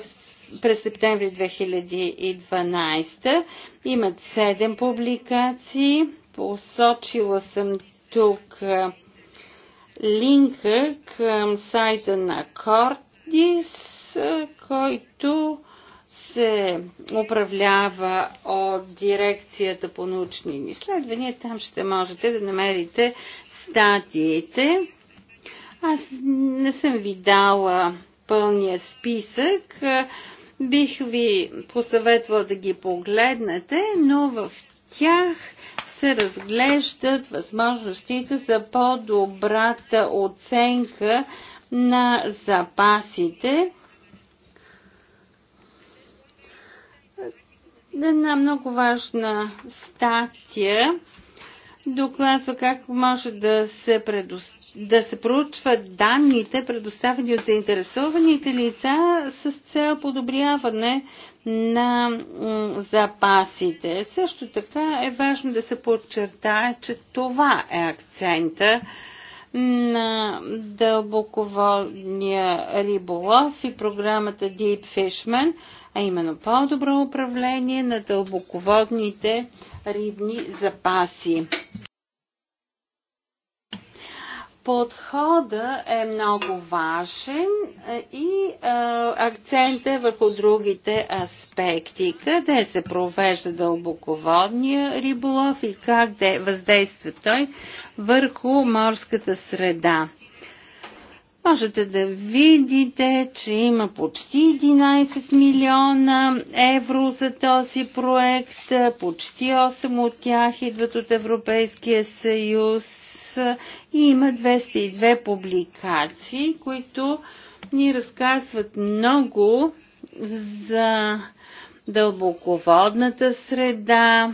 през септември 2012. Имат 7 публикации. Посочила съм тук линка към сайта на Кордис, който се управлява от дирекцията по научни изследвания. Там ще можете да намерите статиите. Аз не съм ви дала пълния списък. Бих ви посъветвала да ги погледнете, но в тях се разглеждат възможностите за по-добрата оценка на запасите. Една много важна статия доказва как може да се, предо... да се проучват данните, предоставени от заинтересованите лица с цел подобряване на запасите. Също така е важно да се подчертае, че това е акцента на дълбоководния риболов и програмата Deep Fishman, а именно по-добро управление на дълбоководните рибни запаси. Подхода е много важен е, и а, е, акцент е върху другите аспекти. Къде се провежда дълбоководния риболов и как въздейства той върху морската среда. Можете да видите, че има почти 11 милиона евро за този проект, почти 8 от тях идват от Европейския съюз и има 202 публикации, които ни разказват много за дълбоководната среда,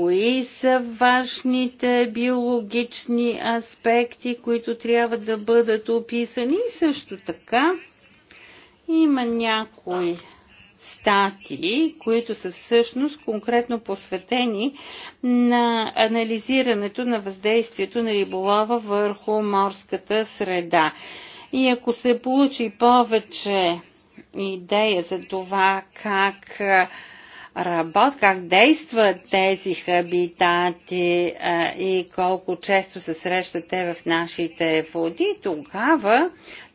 кои са важните биологични аспекти, които трябва да бъдат описани и също така има някои статии, които са всъщност конкретно посветени на анализирането на въздействието на риболова върху морската среда. И ако се получи повече идея за това как работ, как действат тези хабитати а, и колко често се срещат те в нашите води, тогава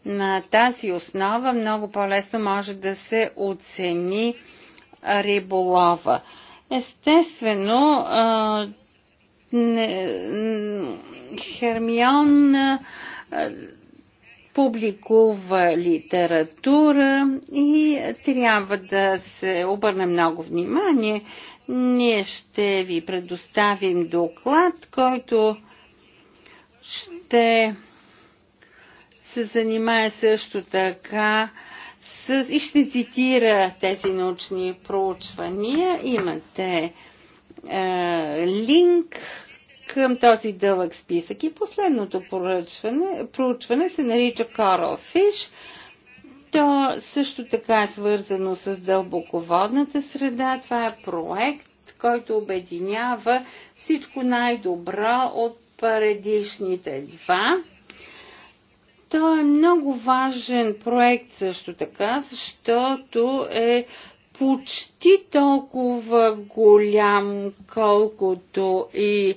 на тази основа много по-лесно може да се оцени риболова. Естествено, а, не, Хермион а, публикува литература и трябва да се обърне много внимание. Ние ще ви предоставим доклад, който ще се занимае също така с, и ще цитира тези научни проучвания. Имате е, линк към този дълъг списък. И последното поръчване, проучване се нарича Coral Fish. То също така е свързано с дълбоководната среда. Това е проект, който обединява всичко най-добро от предишните два. Той е много важен проект също така, защото е почти толкова голям, колкото и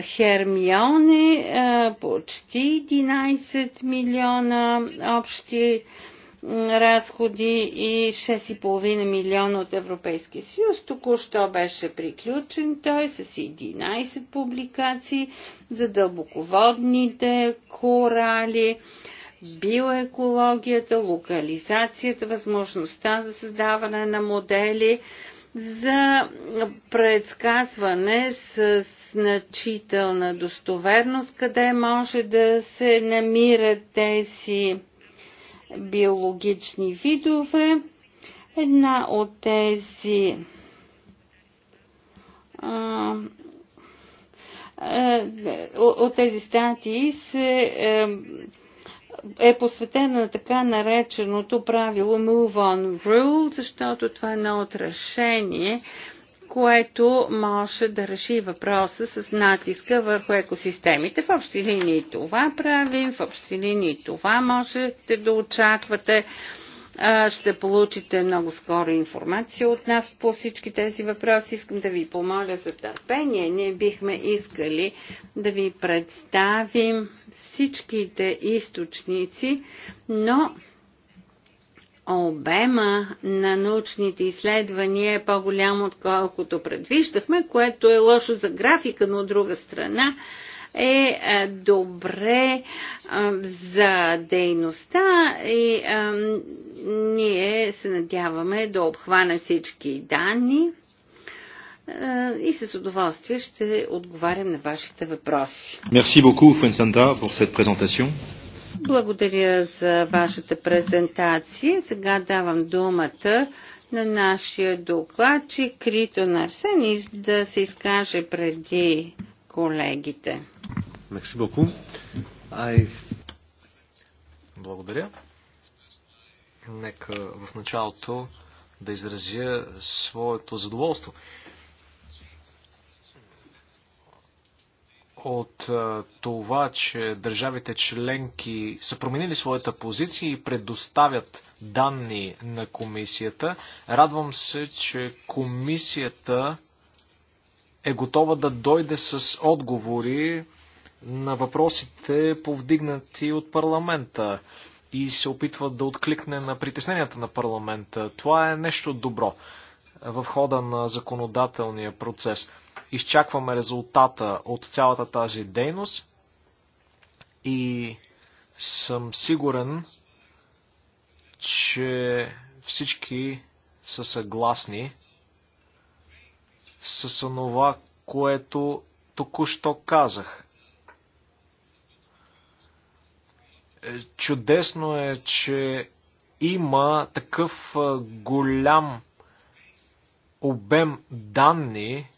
Хермионе почти 11 милиона общи разходи и 6,5 милиона от Европейския съюз. Току-що беше приключен той с 11 публикации за дълбоководните корали, биоекологията, локализацията, възможността за създаване на модели за предсказване с значителна достоверност, къде може да се намират тези биологични видове. Една от тези а, а, е, от тези статии се а, е, е посветена на така нареченото правило Move on Rule, защото това е едно от решение, което може да реши въпроса с натиска върху екосистемите. В общи линии това правим, в общи линии това можете да очаквате. Ще получите много скоро информация от нас по всички тези въпроси. Искам да ви помоля за търпение. Ние бихме искали да ви представим всичките източници, но обема на научните изследвания е по-голям отколкото предвиждахме, което е лошо за графика, но от друга страна е, е добре е, за дейността и е, ние се надяваме да обхване всички данни и с удоволствие ще отговарям на вашите въпроси. Merci beaucoup, Fuensanta, pour cette présentation. Благодаря за вашата презентация. Сега давам думата на нашия докладчик Крито Нарсенис да се изкаже преди колегите. Благодаря. Нека в началото да изразя своето задоволство. От това, че държавите членки са променили своята позиция и предоставят данни на комисията, радвам се, че комисията е готова да дойде с отговори на въпросите, повдигнати от парламента и се опитва да откликне на притесненията на парламента. Това е нещо добро в хода на законодателния процес. Изчакваме резултата от цялата тази дейност и съм сигурен, че всички са съгласни, с онова, което току-що казах. Е, чудесно е, че има такъв голям обем данни,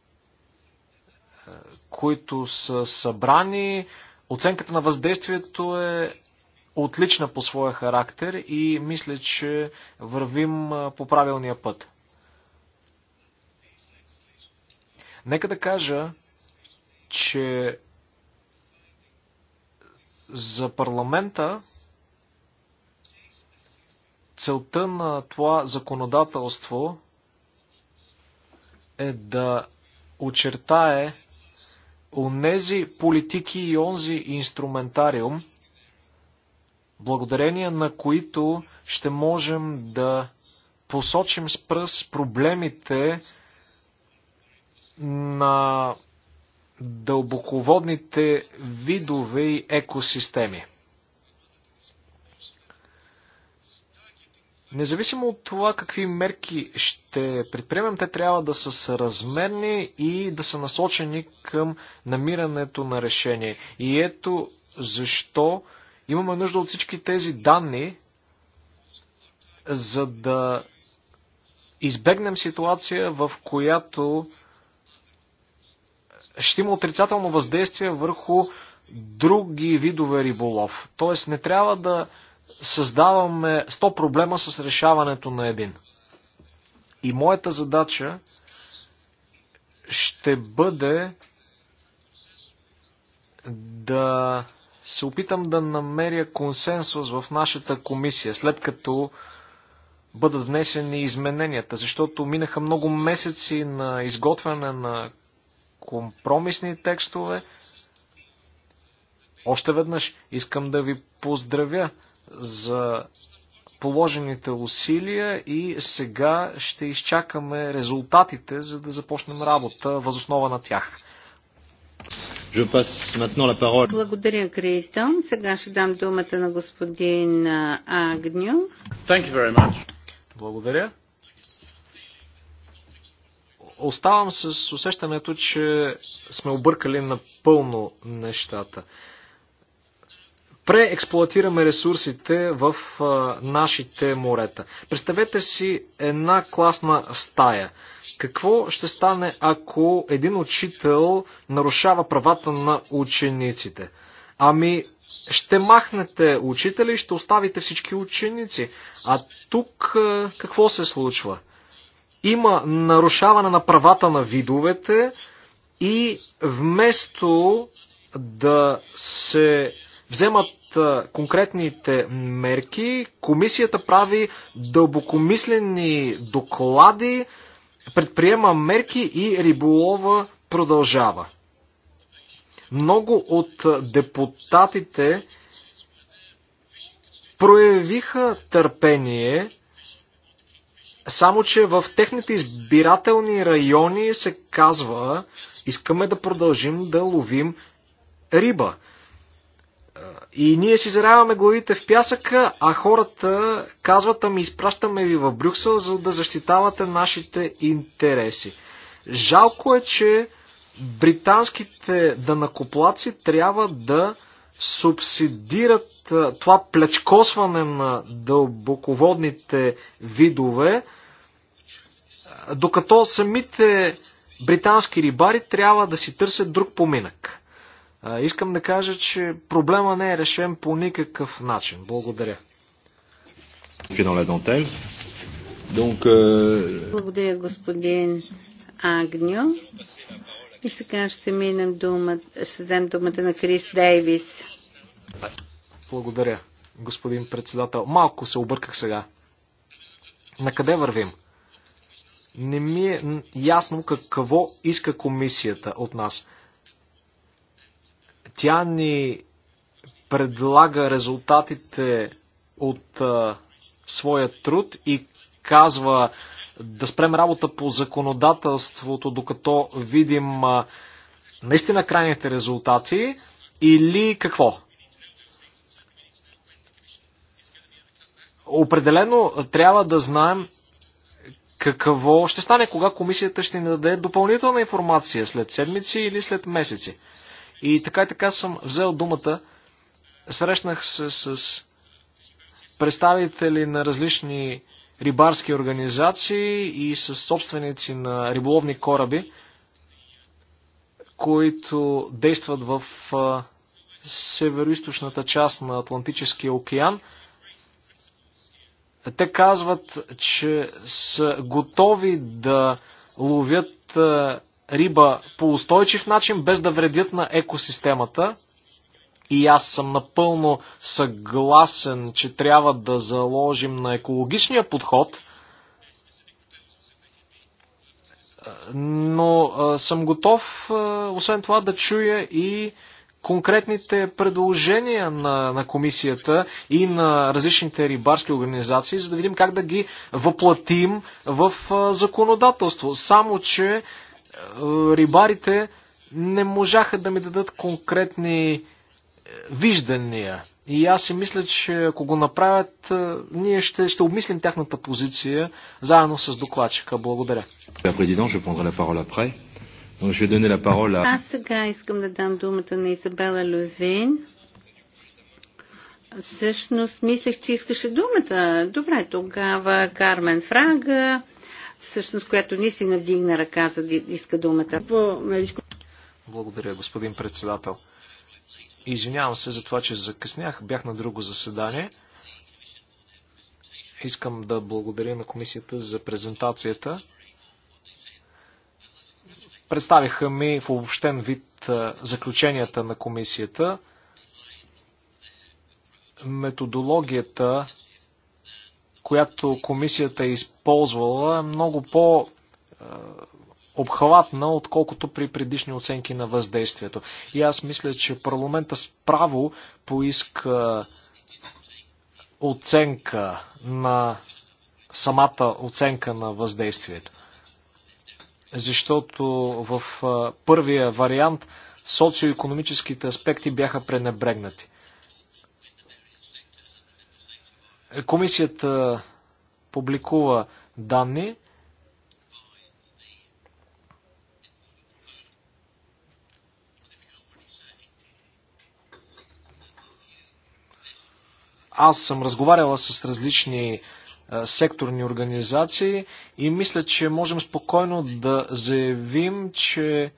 които са събрани. Оценката на въздействието е отлична по своя характер и мисля, че вървим по правилния път. Нека да кажа, че за парламента целта на това законодателство е да очертае онези политики и онзи инструментариум, благодарение на които ще можем да посочим с пръст проблемите, на дълбоководните видове и екосистеми. Независимо от това какви мерки ще предприемем, те трябва да са съразмерни и да са насочени към намирането на решение. И ето защо имаме нужда от всички тези данни, за да избегнем ситуация, в която ще има отрицателно въздействие върху други видове риболов. Тоест не трябва да създаваме 100 проблема с решаването на един. И моята задача ще бъде да се опитам да намеря консенсус в нашата комисия, след като бъдат внесени измененията, защото минаха много месеци на изготвяне на компромисни текстове. Още веднъж искам да ви поздравя за положените усилия и сега ще изчакаме резултатите, за да започнем работа възоснова на тях. Благодаря, Крейтон. Сега ще дам думата на господин Агню. Благодаря оставам с усещането, че сме объркали напълно нещата. Преексплуатираме ресурсите в а, нашите морета. Представете си една класна стая. Какво ще стане, ако един учител нарушава правата на учениците? Ами, ще махнете учители и ще оставите всички ученици. А тук какво се случва? Има нарушаване на правата на видовете и вместо да се вземат конкретните мерки, комисията прави дълбокомислени доклади, предприема мерки и риболова продължава. Много от депутатите проявиха търпение само, че в техните избирателни райони се казва, искаме да продължим да ловим риба. И ние си заряваме главите в пясъка, а хората казват, ами изпращаме ви в Брюксел, за да защитавате нашите интереси. Жалко е, че британските данакоплаци трябва да субсидират това плечкосване на дълбоководните видове, докато самите британски рибари трябва да си търсят друг поминък. Искам да кажа, че проблема не е решен по никакъв начин. Благодаря. Благодаря, господин Агню. Euh, и сега ще минем думата, ще дадем думата на Крис Дейвис. Благодаря, господин председател. Малко се обърках сега. На къде вървим? Не ми е ясно какво иска комисията от нас. Тя ни предлага резултатите от а, своя труд и казва да спрем работа по законодателството, докато видим наистина крайните резултати или какво? Определено трябва да знаем какво ще стане, кога комисията ще ни даде допълнителна информация, след седмици или след месеци. И така и така съм взел думата, срещнах се с представители на различни рибарски организации и с собственици на риболовни кораби, които действат в северо част на Атлантическия океан. Те казват, че са готови да ловят риба по устойчив начин, без да вредят на екосистемата. И аз съм напълно съгласен, че трябва да заложим на екологичния подход, но съм готов, освен това, да чуя и конкретните предложения на, на комисията и на различните рибарски организации, за да видим как да ги въплатим в законодателство. Само, че рибарите не можаха да ми дадат конкретни виждания. И аз си мисля, че ако го направят, ние ще, ще обмислим тяхната позиция заедно с докладчика. Благодаря. Аз сега искам да дам думата на Изабела Левин. Всъщност мислех, че искаше думата. Добре, тогава Кармен Фрага, всъщност, която не си надигна ръка, за да иска думата. Благодаря, господин председател. Извинявам се за това, че закъснях. Бях на друго заседание. Искам да благодаря на комисията за презентацията. Представиха ми в обобщен вид заключенията на комисията. Методологията, която комисията е използвала, е много по- обхватна, отколкото при предишни оценки на въздействието. И аз мисля, че парламента справо поиска оценка на самата оценка на въздействието. Защото в първия вариант социоекономическите аспекти бяха пренебрегнати. Комисията публикува данни, Аз съм разговаряла с различни е, секторни организации и мисля, че можем спокойно да заявим, че е,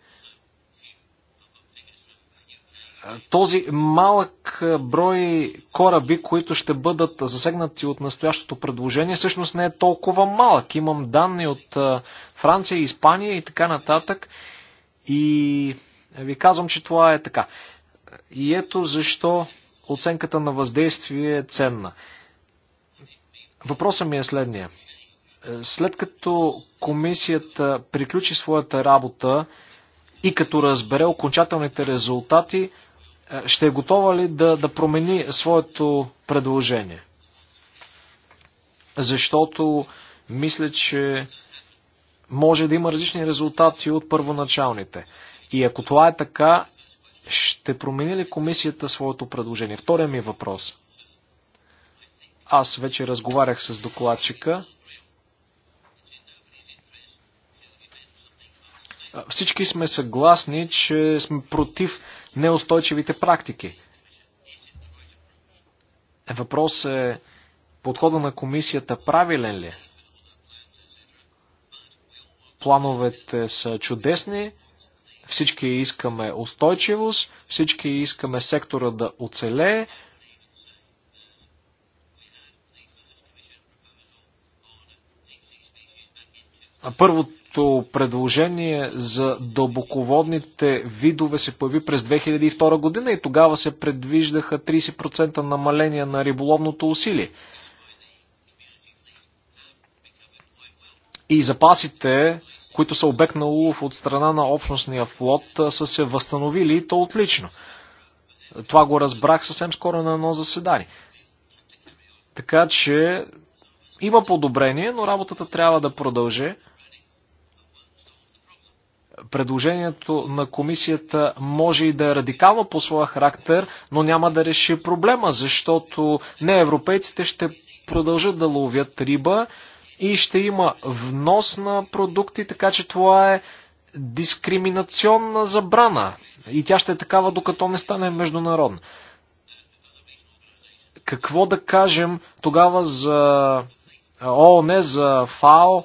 този малък е, брой кораби, които ще бъдат засегнати от настоящото предложение, всъщност не е толкова малък. Имам данни от Франция, Испания и така нататък. И ви казвам, че това е така. И ето защо оценката на въздействие е ценна. Въпросът ми е следния. Е, след като комисията приключи своята работа и като разбере окончателните резултати, е, ще е готова ли да, да промени своето предложение? Защото мисля, че може да има различни резултати от първоначалните. И ако това е така, ще промени ли комисията своето предложение? Втория ми въпрос. Аз вече разговарях с докладчика. Всички сме съгласни, че сме против неустойчивите практики. Е, въпрос е подхода на комисията правилен ли? Е? Плановете са чудесни, всички искаме устойчивост, всички искаме сектора да оцелее. Първото предложение за дълбоководните видове се появи през 2002 година и тогава се предвиждаха 30% намаление на риболовното усилие. И запасите които са обект на улов от страна на общностния флот, са се възстановили и то отлично. Това го разбрах съвсем скоро на едно заседание. Така че има подобрение, но работата трябва да продължи. Предложението на комисията може и да е радикално по своя характер, но няма да реши проблема, защото не европейците ще продължат да ловят риба, и ще има внос на продукти, така че това е дискриминационна забрана и тя ще е такава, докато не стане международна. Какво да кажем тогава за ООН, за ФАО,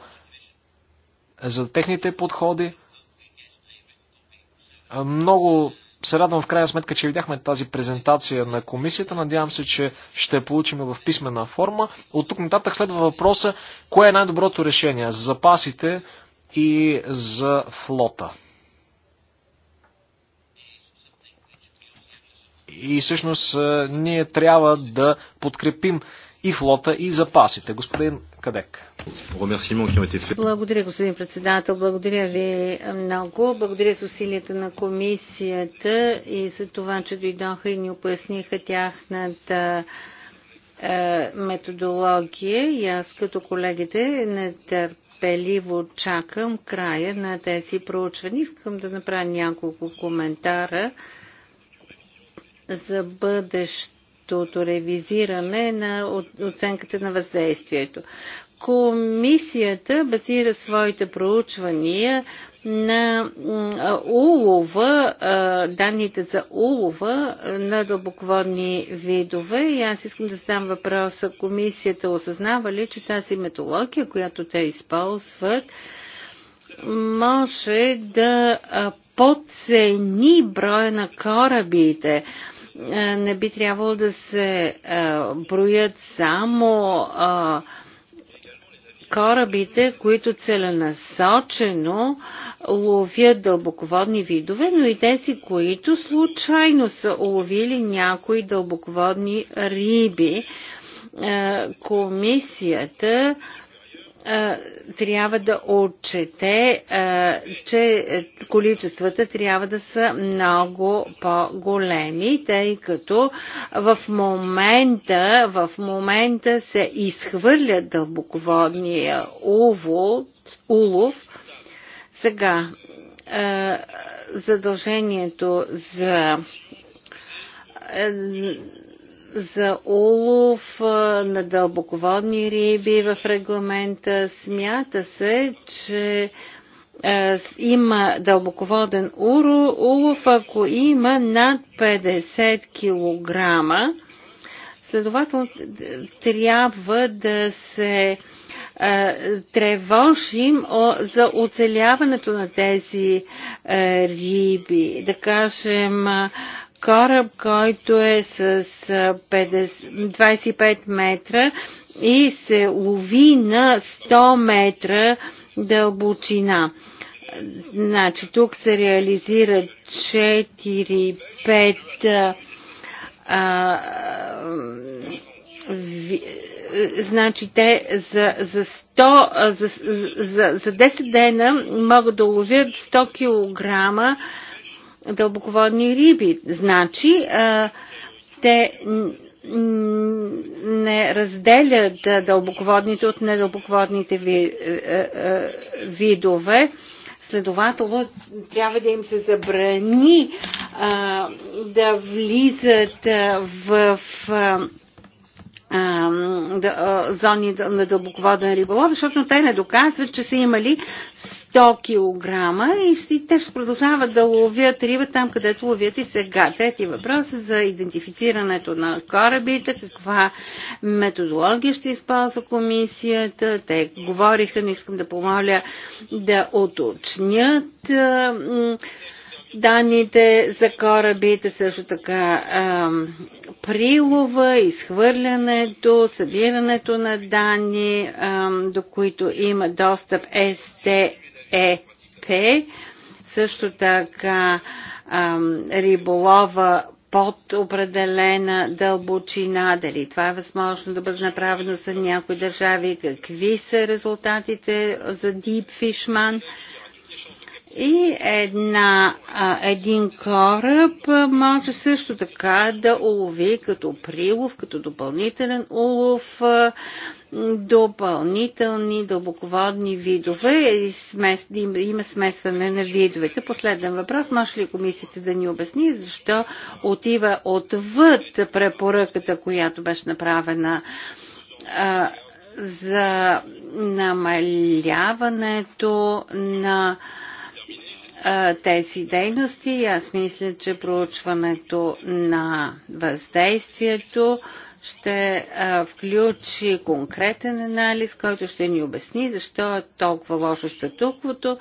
за техните подходи? Много се радвам в крайна сметка, че видяхме тази презентация на комисията. Надявам се, че ще я получим в писмена форма. От тук нататък следва въпроса, кое е най-доброто решение за запасите и за флота. И всъщност е, ние трябва да подкрепим и флота, и запасите. Господин Кадек. Благодаря, господин председател. Благодаря ви много. Благодаря за усилията на комисията и за това, че дойдоха и ни опъсниха тяхната е, методология и аз като колегите нетърпеливо чакам края на тези проучвания. Искам да направя няколко коментара за бъдещето бъдещото ревизиране на оценката на въздействието. Комисията базира своите проучвания на улова, данните за улова на дълбоководни видове и аз искам да задам въпроса, комисията осъзнава ли, че тази методология, която те използват, може да подцени броя на корабите, е, не би трябвало да се е, броят само е, корабите, които целенасочено ловят дълбоководни видове, но и тези, които случайно са уловили някои дълбоководни риби. Комисията трябва да отчете, че количествата трябва да са много по-големи, тъй като в момента, в момента се изхвърлят дълбоководния улов. Сега, задължението за за улов на дълбоководни риби в регламента. Смята се, че има дълбоководен улов, ако има над 50 кг. Следователно, трябва да се тревожим за оцеляването на тези риби. Да кажем, кораб, който е с 50, 25 метра и се лови на 100 метра дълбочина. Значи, тук се реализират 4-5 значи те за, за 100, за, за, за 10 дена могат да ловят 100 кг дълбоководни риби. Значи, а, те не разделят дълбоководните от недълбоководните ви, е, е, е, видове. Следователно, трябва да им се забрани а, да влизат в. А, зони на дълбоководен риболов, защото те не доказват, че са имали 100 кг и те ще продължават да ловят риба там, където ловят и сега. Трети въпрос е за идентифицирането на корабите, каква методология ще използва комисията. Те говориха, но искам да помоля да уточнят данните за корабите, също така прилова, изхвърлянето, събирането на данни, до които има достъп СТЕП, също така риболова под определена дълбочина, дали това е възможно да бъде направено за някои държави, какви са резултатите за Deep Fishman – и една, а, един кораб може също така да улови като прилов, като допълнителен улов, а, допълнителни дълбоководни видове и смес, има, има смесване на видовете. Последен въпрос. Може ли комисията да ни обясни защо отива отвъд препоръката, която беше направена а, за намаляването на а, тези дейности. Аз мисля, че проучването на въздействието ще включи конкретен анализ, който ще ни обясни защо е толкова лошо статуквото.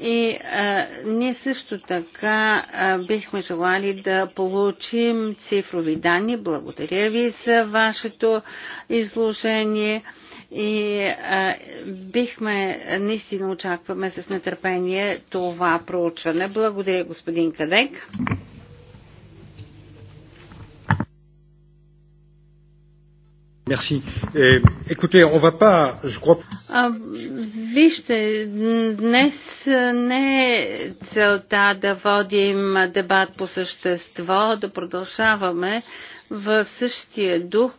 И а, ние също така а, бихме желали да получим цифрови данни. Благодаря ви за вашето изложение и а, бихме наистина очакваме с нетърпение това проучване. Благодаря, господин Кадек. Merci. Eh, е, écoutez, on va pas, je crois. А, вижте, днес не е целта да водим дебат по същество, да продължаваме в същия дух,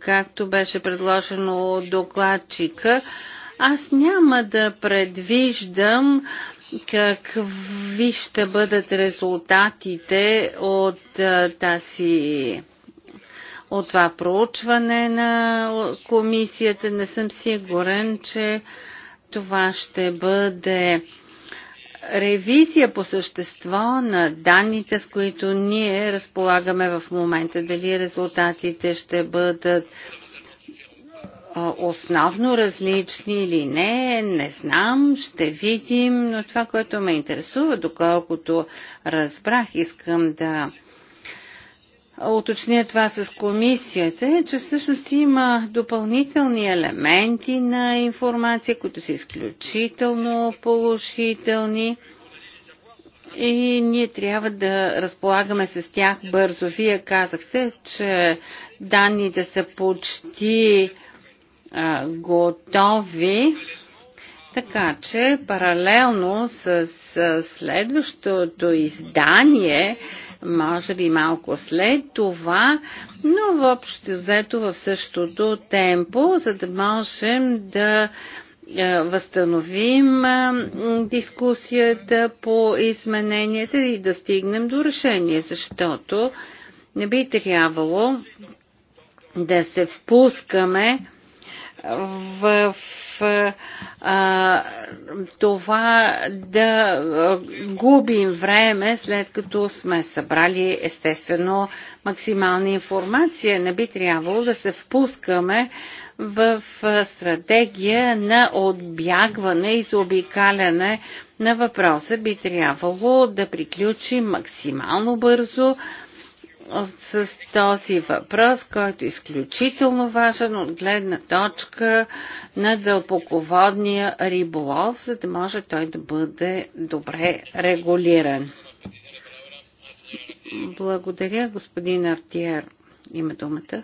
както беше предложено от докладчика, аз няма да предвиждам какви ще бъдат резултатите от тази от това проучване на комисията. Не съм сигурен, че това ще бъде ревизия по същество на данните, с които ние разполагаме в момента. Дали резултатите ще бъдат основно различни или не, не знам, ще видим, но това, което ме интересува, доколкото разбрах, искам да уточня това с комисията, е, че всъщност има допълнителни елементи на информация, които са изключително положителни и ние трябва да разполагаме с тях бързо. Вие казахте, че данните са почти а, готови така че паралелно с, следващото издание, може би малко след това, но въобще взето в същото темпо, за да можем да възстановим дискусията по измененията и да стигнем до решение, защото не би трябвало да се впускаме в а, това да губим време, след като сме събрали естествено максимална информация. Не би трябвало да се впускаме в стратегия на отбягване и заобикаляне на въпроса. Би трябвало да приключим максимално бързо с този въпрос, който е изключително важен от гледна точка на дълбоководния риболов, за да може той да бъде добре регулиран. Благодаря, господин Артиер. Има думата.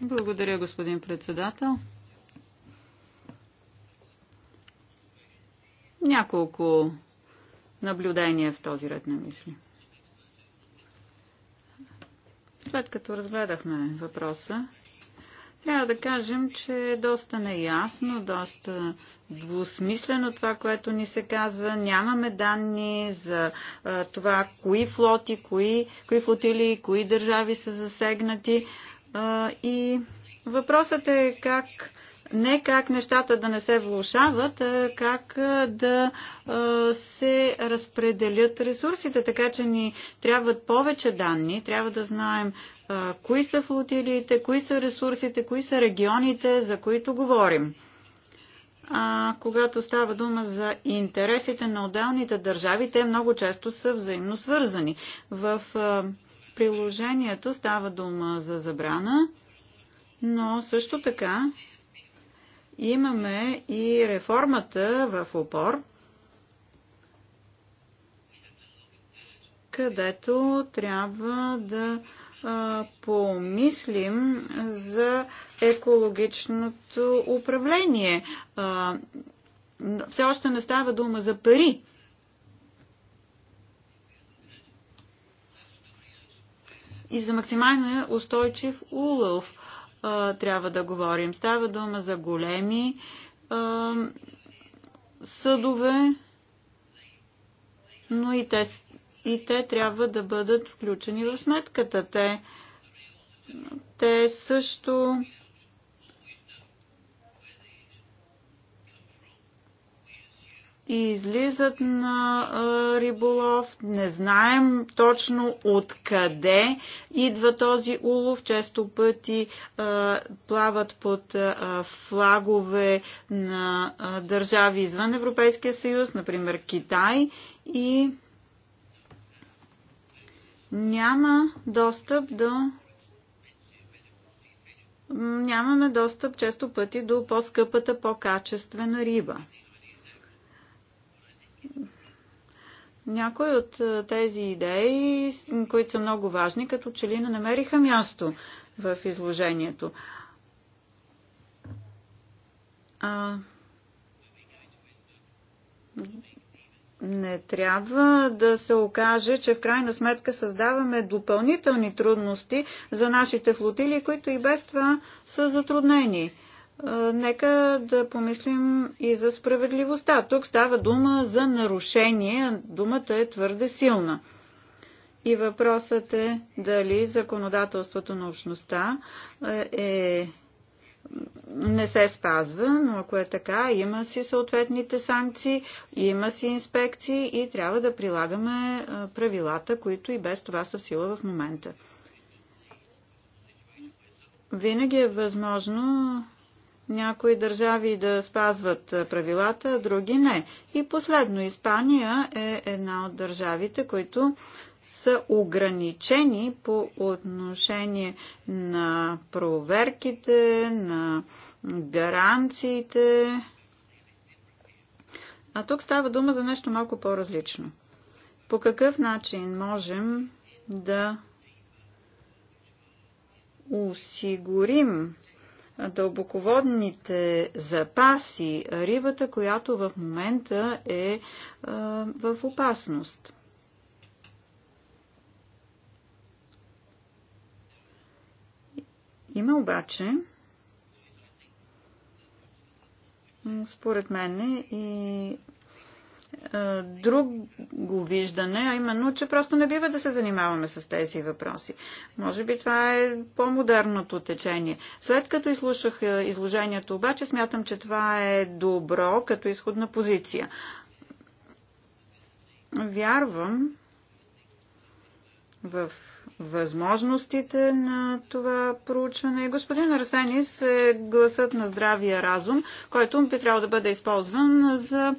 Благодаря, господин председател. Няколко наблюдения в този ред на мисли. След като разгледахме въпроса, трябва да кажем, че е доста неясно, доста двусмислено това, което ни се казва. Нямаме данни за а, това, кои флоти, кои, кои флотили, кои държави са засегнати. А, и въпросът е как не как нещата да не се влушават, а как да се разпределят ресурсите. Така че ни трябват повече данни, трябва да знаем кои са флотилиите, кои са ресурсите, кои са регионите, за които говорим. А, когато става дума за интересите на отделните държави, те много често са взаимно свързани. В а, приложението става дума за забрана, но също така Имаме и реформата в опор, където трябва да помислим за екологичното управление. все още не става дума за пари. И за максимално устойчив улов трябва да говорим. Става дума за големи а, съдове, но и те, и те трябва да бъдат включени в сметката. Те, те също и излизат на риболов. Не знаем точно откъде идва този улов. Често пъти плават под флагове на държави извън Европейския съюз, например Китай и няма достъп до нямаме достъп често пъти до по-скъпата, по-качествена риба. Някои от е, тези идеи, които са много важни, като че ли не намериха място в изложението. А, не трябва да се окаже, че в крайна сметка създаваме допълнителни трудности за нашите флотили, които и без това са затруднени. Е, нека да помислим и за справедливостта. Тук става дума за нарушение, думата е твърде силна. И въпросът е дали законодателството на общността е, е, не се спазва, но ако е така, има си съответните санкции, има си инспекции и трябва да прилагаме е, правилата, които и без това са в сила в момента. Винаги е възможно някои държави да спазват правилата, други не. И последно, Испания е една от държавите, които са ограничени по отношение на проверките, на гаранциите. А тук става дума за нещо малко по-различно. По какъв начин можем да осигурим дълбоководните запаси, рибата, която в момента е, е в опасност. Има обаче, според мен, и друго виждане, а именно, че просто не бива да се занимаваме с тези въпроси. Може би това е по-модерното течение. След като изслушах изложението, обаче смятам, че това е добро като изходна позиция. Вярвам в възможностите на това проучване. Господин Арсенис е гласът на здравия разум, който би трябвало да бъде използван за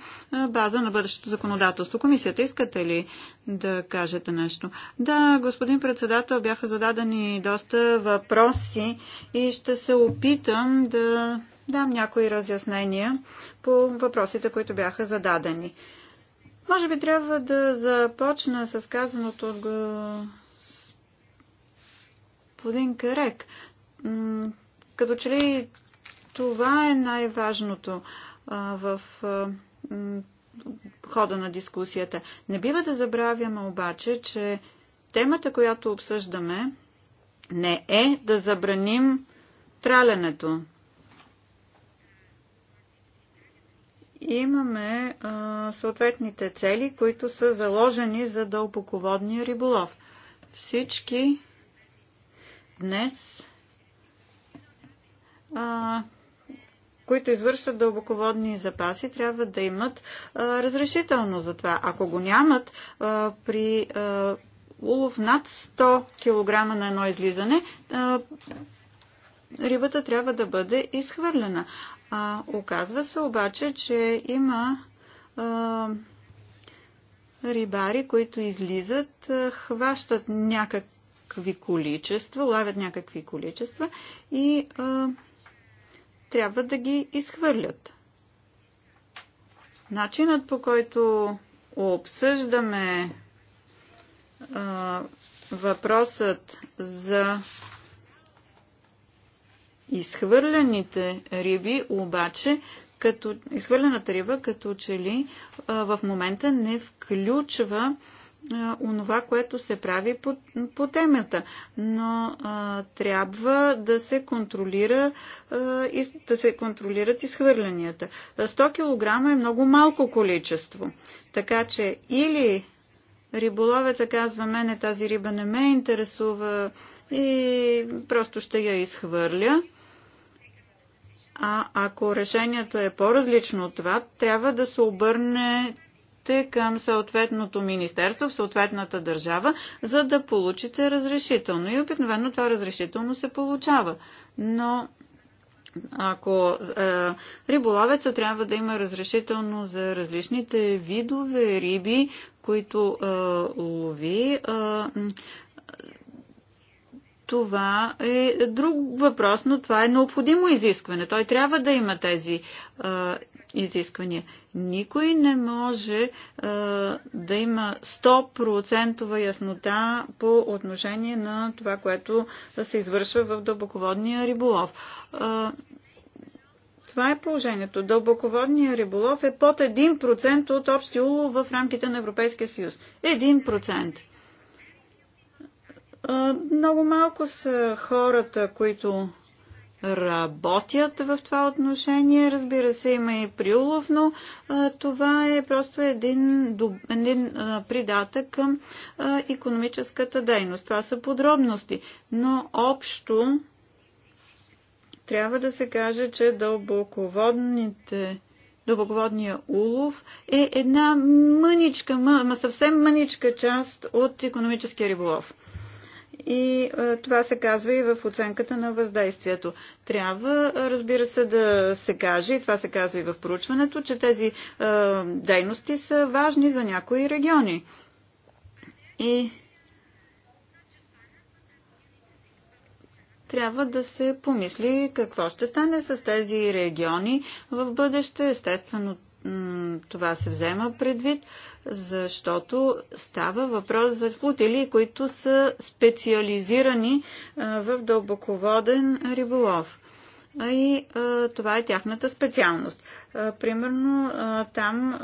база на бъдещето законодателство. Комисията, искате ли да кажете нещо? Да, господин председател, бяха зададени доста въпроси и ще се опитам да дам някои разяснения по въпросите, които бяха зададени. Може би трябва да започна с казаното от господин Карек. Като че ли това е най-важното в хода на дискусията. Не бива да забравяме обаче, че темата, която обсъждаме, не е да забраним тралянето. Имаме а, съответните цели, които са заложени за дълбоководния риболов. Всички днес, а, които извършват дълбоководни запаси, трябва да имат а, разрешително за това. Ако го нямат а, при а, улов над 100 кг на едно излизане, а, рибата трябва да бъде изхвърлена. А, оказва се обаче, че има а, рибари, които излизат, хващат някак, някакви количества, лавят някакви количества и а, трябва да ги изхвърлят. Начинът по който обсъждаме а, въпросът за изхвърляните риби, обаче като изхвърлената риба като че ли а, в момента не включва а, онова, което се прави по, по темата. Но а, трябва да се, контролира, а, и, да се контролират изхвърлянията. 100 кг е много малко количество. Така че или риболовеца казва, мене тази риба не ме интересува и просто ще я изхвърля. А ако решението е по-различно от това, трябва да се обърне обърнете към съответното министерство в съответната държава, за да получите разрешително. И обикновено това разрешително се получава. Но ако е, риболовеца трябва да има разрешително за различните видове риби, които е, лови, е, това е друг въпрос, но това е необходимо изискване. Той трябва да има тези е, изисквания. Никой не може а, е, да има 100% яснота по отношение на това, което се извършва в дълбоководния риболов. А, е, това е положението. Дълбоководния риболов е под 1% от общи улов в рамките на Европейския съюз. 1%. Е, много малко са хората, които работят в това отношение. Разбира се, има и приулов, но а, това е просто един, един а, придатък към а, економическата дейност. Това са подробности. Но общо трябва да се каже, че дълбоководните дълбоководния улов е една мъничка, ма, съвсем мъничка част от економическия риболов. И е, това се казва и в оценката на въздействието. Трябва, разбира се, да се каже, и това се казва и в проучването, че тези е, дейности са важни за някои региони. И трябва да се помисли какво ще стане с тези региони в бъдеще. Естествено, това се взема предвид защото става въпрос за флотили, които са специализирани в дълбоководен риболов. И това е тяхната специалност. Примерно там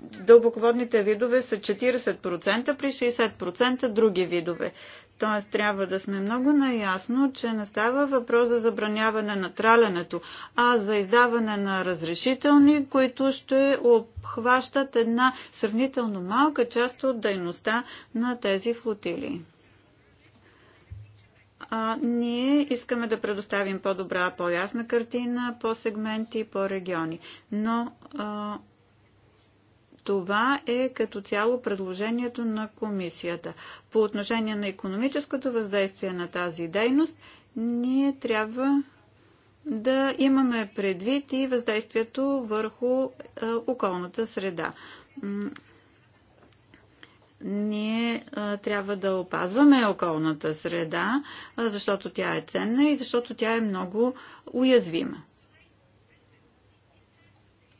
дълбоководните видове са 40% при 60% други видове. Т.е. трябва да сме много наясно, че не става въпрос за забраняване на тралянето, а за издаване на разрешителни, които ще обхващат една сравнително малка част от дейността на тези флотилии. А, ние искаме да предоставим по-добра, по-ясна картина, по сегменти, по региони. Но а, това е като цяло предложението на комисията. По отношение на економическото въздействие на тази дейност, ние трябва да имаме предвид и въздействието върху е, околната среда. Ние е, трябва да опазваме околната среда, е, защото тя е ценна и защото тя е много уязвима.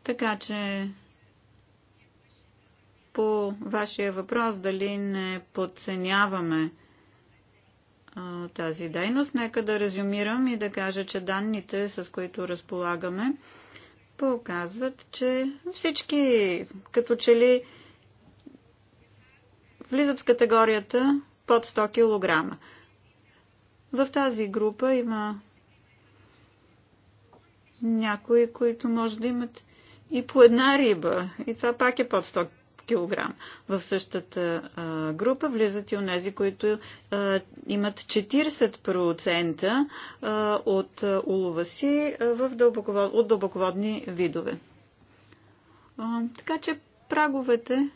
Така че по вашия въпрос, дали не подценяваме а, тази дейност, нека да резюмирам и да кажа, че данните, с които разполагаме, показват, че всички като че ли влизат в категорията под 100 кг. В тази група има някои, които може да имат и по една риба. И това пак е под 100 кг. В същата група влизат и онези, които имат 40% от улова си от дълбоководни видове. Така че праговете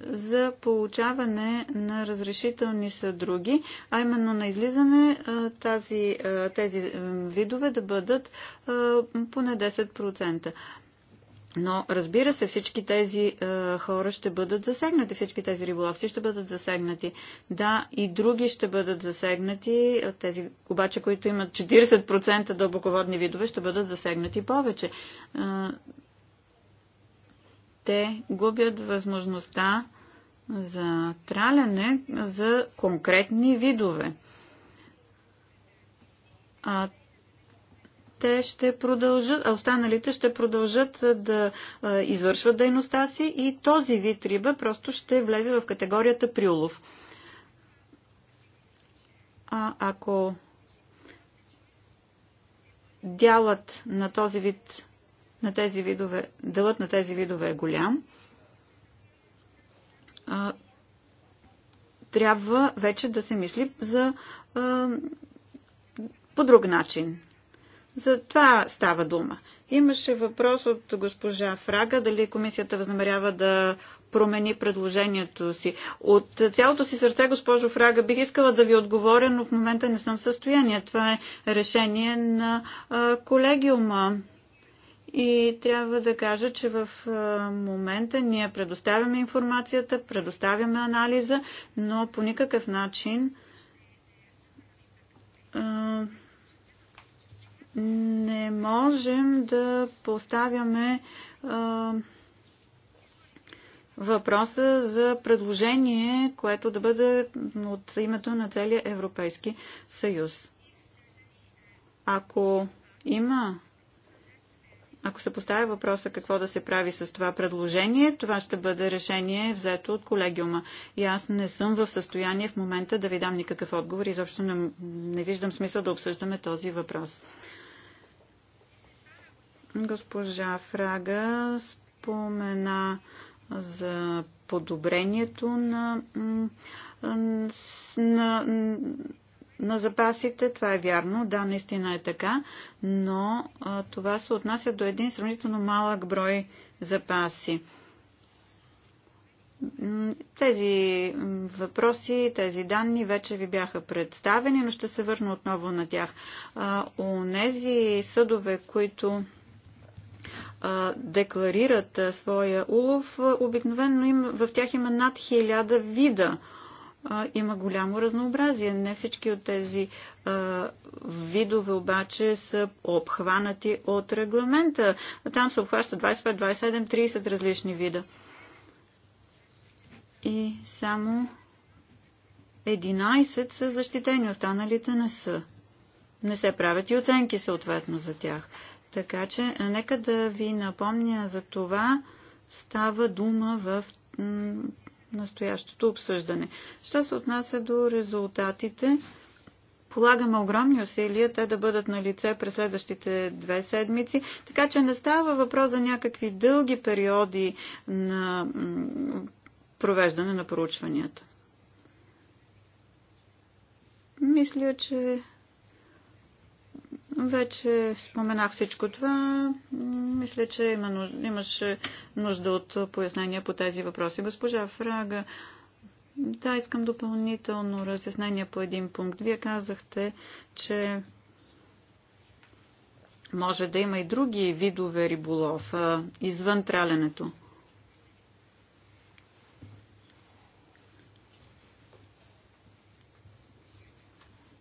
за получаване на разрешителни са други, а именно на излизане тази, тези видове да бъдат поне 10%. Но разбира се, всички тези е, хора ще бъдат засегнати, всички тези риболовци ще бъдат засегнати. Да, и други ще бъдат засегнати, е, тези обаче, които имат 40% дълбоководни видове, ще бъдат засегнати повече. Е, те губят възможността за траляне за конкретни видове. А те ще продължат, а останалите ще продължат да извършват дейността си и този вид риба просто ще влезе в категорията приулов. А ако дялът на този вид на тези видове, делът на тези видове е голям, а, трябва вече да се мисли за а, по друг начин. За това става дума. Имаше въпрос от госпожа Фрага, дали комисията възнамерява да промени предложението си. От цялото си сърце, госпожо Фрага, бих искала да ви отговоря, но в момента не съм в състояние. Това е решение на колегиума. И трябва да кажа, че в момента ние предоставяме информацията, предоставяме анализа, но по никакъв начин не можем да поставяме а, въпроса за предложение, което да бъде от името на целия Европейски съюз. Ако има, ако се поставя въпроса какво да се прави с това предложение, това ще бъде решение взето от колегиума. И аз не съм в състояние в момента да ви дам никакъв отговор. Изобщо не, не виждам смисъл да обсъждаме този въпрос. Госпожа Фрага спомена за подобрението на, на, на запасите. Това е вярно, да, наистина е така, но това се отнася до един сравнително малък брой запаси. Тези въпроси, тези данни вече ви бяха представени, но ще се върна отново на тях. у нези съдове, които декларират своя улов, обикновено им, в тях има над хиляда вида. Има голямо разнообразие. Не всички от тези видове обаче са обхванати от регламента. Там се обхваща 25, 27, 30 различни вида. И само 11 са защитени, останалите не са. Не се правят и оценки съответно за тях. Така че, нека да ви напомня за това, става дума в настоящото обсъждане. Що се отнася до резултатите, полагаме огромни усилия те да бъдат на лице през следващите две седмици, така че не става въпрос за някакви дълги периоди на провеждане на проучванията. Мисля, че вече споменах всичко това. Мисля, че има, имаше нужда от пояснения по тези въпроси. Госпожа Фрага, да, искам допълнително разяснение по един пункт. Вие казахте, че може да има и други видове риболов извън тралянето.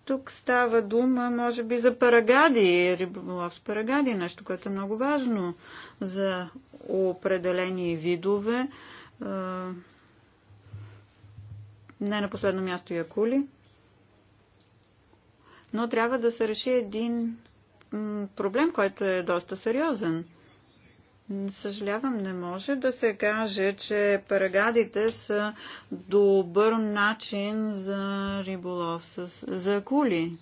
Тук става дума, може би, за парагади, риболов с парагади, нещо, което е много важно за определени видове. Не на последно място якули. Но трябва да се реши един проблем, който е доста сериозен. Съжалявам, не може да се каже, че парагадите са добър начин за риболов, с, за кули.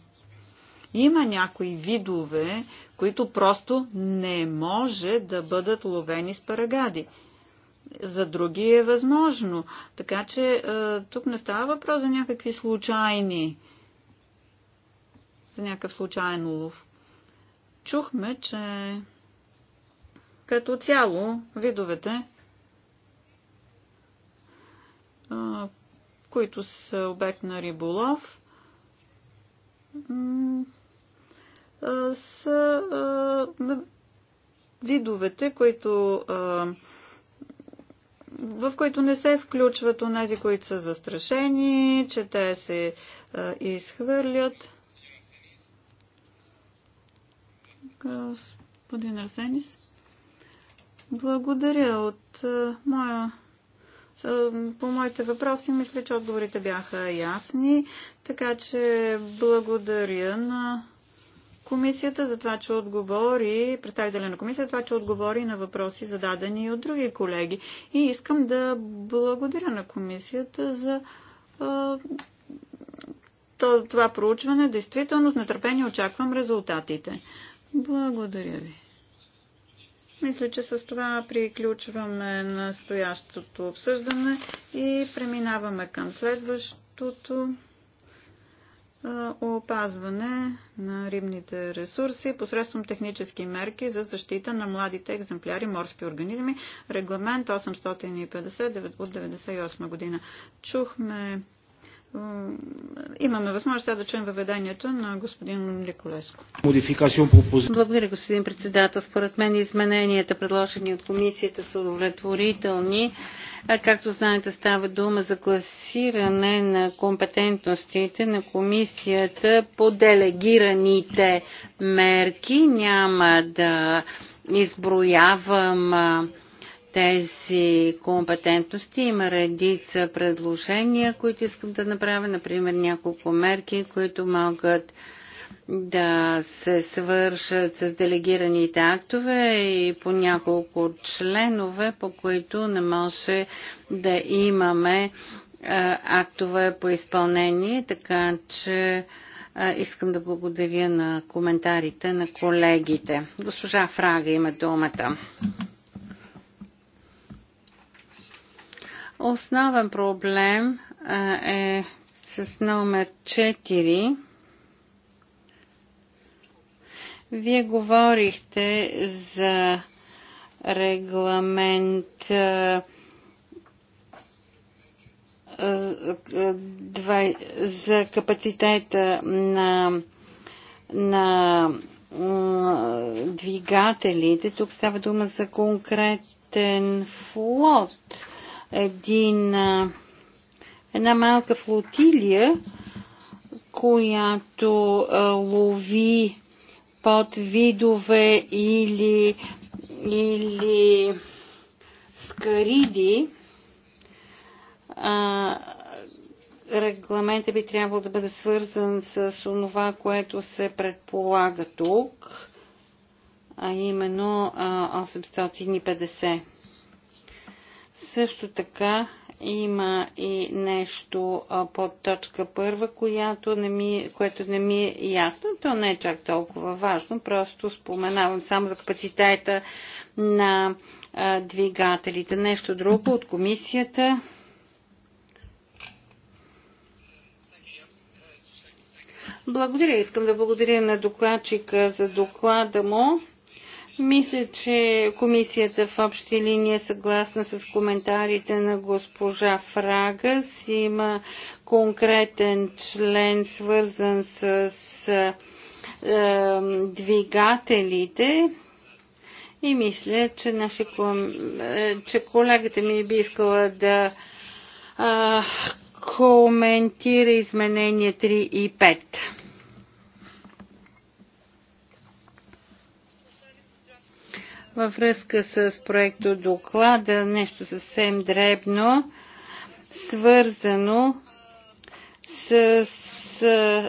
Има някои видове, които просто не може да бъдат ловени с парагади. За други е възможно. Така че е, тук не става въпрос за някакви случайни, за някакъв случайен улов. Чухме, че като цяло, видовете, които са обект на риболов, са видовете, които, в които не се включват онези, които са застрашени, че те се изхвърлят. Господин Арсенис. Благодаря. От е, моя е, по моите въпроси мисля, че отговорите бяха ясни, така че благодаря на комисията за това, че отговори, представителя на комисията, това, че отговори на въпроси зададени от други колеги. И искам да благодаря на комисията за а, е, това проучване. Действително, с нетърпение очаквам резултатите. Благодаря ви. Мисля, че с това приключваме настоящото обсъждане и преминаваме към следващото опазване на рибните ресурси посредством технически мерки за защита на младите екземпляри морски организми. Регламент 850 от 1998 година. Чухме имаме възможност сега да чуем въведението на господин Ликолеско. Благодаря, господин председател. Според мен измененията, предложени от комисията, са удовлетворителни. Както знаете, става дума за класиране на компетентностите на комисията по делегираните мерки. Няма да изброявам тези компетентности. Има редица предложения, които искам да направя, например няколко мерки, които могат да се свършат с делегираните актове и по няколко членове, по които не може да имаме актове по изпълнение, така че искам да благодаря на коментарите на колегите. Госпожа Фрага има думата. Основен проблем е с номер 4. Вие говорихте за регламент 2, за капацитета на, на двигателите. Тук става дума за конкретен флот един, една малка флотилия, която лови под видове или, или скариди, регламента би трябвало да бъде свързан с онова, което се предполага тук, а именно 850. Също така има и нещо под точка първа, която не ми, което не ми е ясно. То не е чак толкова важно, просто споменавам само за капацитета на двигателите. Нещо друго от комисията. Благодаря. Искам да благодаря на докладчика за доклада му. Мисля, че комисията в общи линии е съгласна с коментарите на госпожа Фрагас. Има конкретен член, свързан с, с е, двигателите. И мисля, че, наши, е, че колегата ми би искала да а, е, коментира изменения 3 и 5. във връзка с проекто доклада, нещо съвсем дребно, свързано с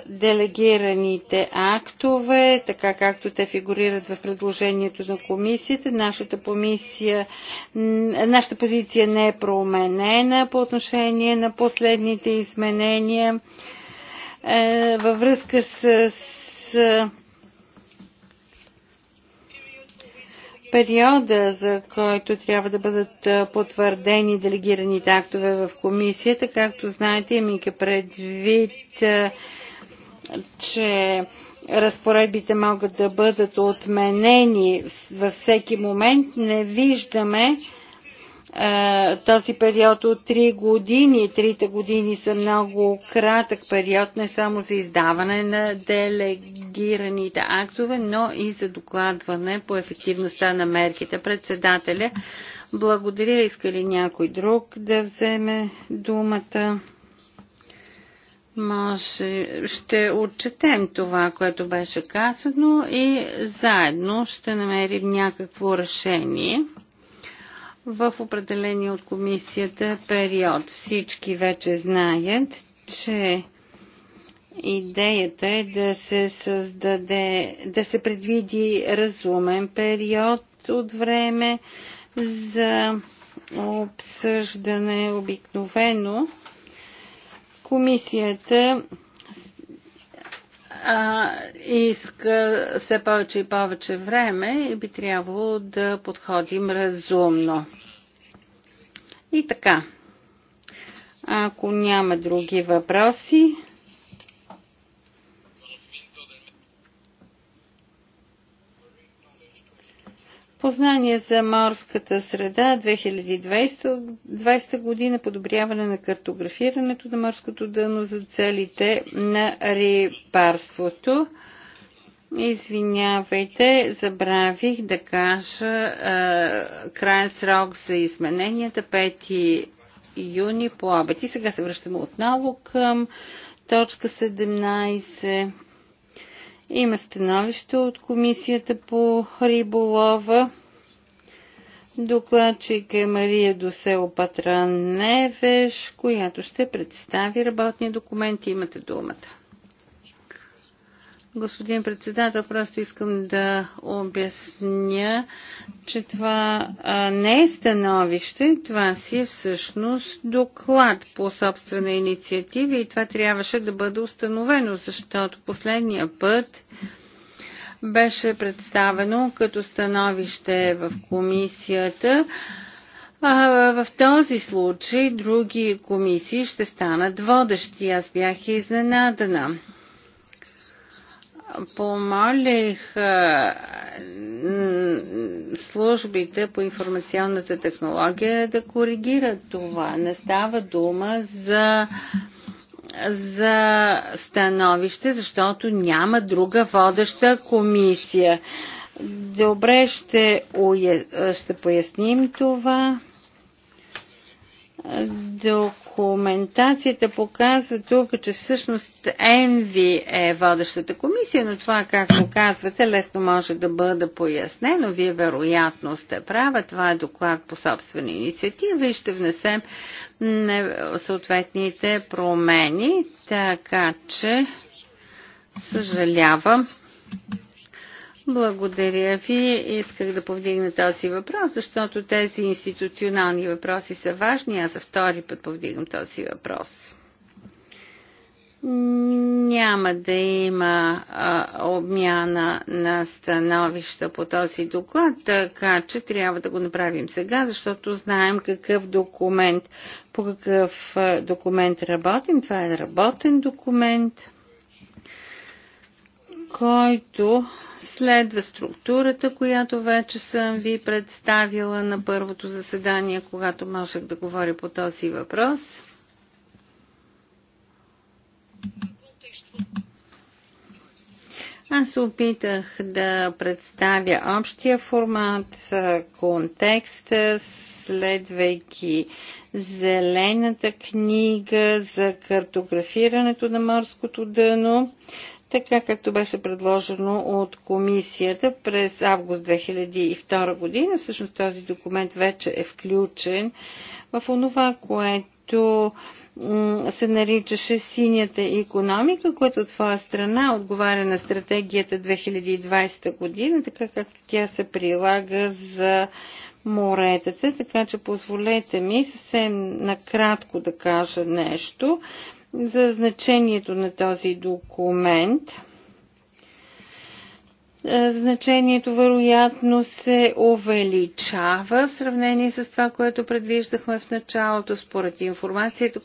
делегираните актове, така както те фигурират в предложението на комисията. Нашата, комисия, нашата позиция не е променена по отношение на последните изменения. Е, във връзка с периода, за който трябва да бъдат потвърдени делегираните актове в комисията. Както знаете, имайки предвид, че разпоредбите могат да бъдат отменени във всеки момент, не виждаме е, този период от 3 години. Трите години са много кратък период не само за издаване на делегираните актове, но и за докладване по ефективността на мерките. Председателя, благодаря. Иска ли някой друг да вземе думата? Може, ще отчетем това, което беше казано и заедно ще намерим някакво решение в определения от комисията период. Всички вече знаят, че идеята е да се създаде, да се предвиди разумен период от време за обсъждане обикновено. Комисията а, иска все повече и повече време и би трябвало да подходим разумно. И така, ако няма други въпроси, Познание за морската среда 2020, година, подобряване на картографирането на морското дъно за целите на рибарството. Извинявайте, забравих да кажа е, крайен срок за измененията 5 юни по обед. И сега се връщаме отново към точка 17. Има становище от Комисията по риболова. Докладчик е Мария Досело Патран Невеш, която ще представи работни документи. Имате думата. Господин председател, просто искам да обясня, че това а, не е становище, това си е всъщност доклад по собствена инициатива и това трябваше да бъде установено, защото последния път беше представено като становище в комисията. А в този случай други комисии ще станат водещи. Аз бях изненадана помолих службите по информационната технология да коригират това. Не става дума за за становище, защото няма друга водеща комисия. Добре, ще, уя... ще поясним това. Документацията показва тук, че всъщност ЕНВИ е водещата комисия, но това, както казвате, лесно може да бъде пояснено. Вие вероятно сте права. Това е доклад по собствена инициатива и ще внесем съответните промени. Така че съжалявам, благодаря ви. Исках да повдигна този въпрос, защото тези институционални въпроси са важни. Аз за втори път повдигам този въпрос. Няма да има а, обмяна на становища по този доклад, така че трябва да го направим сега, защото знаем какъв документ, по какъв документ работим. Това е работен документ който следва структурата, която вече съм ви представила на първото заседание, когато можех да говоря по този въпрос. Аз се опитах да представя общия формат, контекста, следвайки зелената книга за картографирането на морското дъно така както беше предложено от комисията през август 2002 година. Всъщност този документ вече е включен в онова, което се наричаше синята економика, което от своя страна отговаря на стратегията 2020 година, така както тя се прилага за моретата, така че позволете ми съвсем накратко да кажа нещо за значението на този документ. Е, значението вероятно се увеличава в сравнение с това, което предвиждахме в началото, според информацията,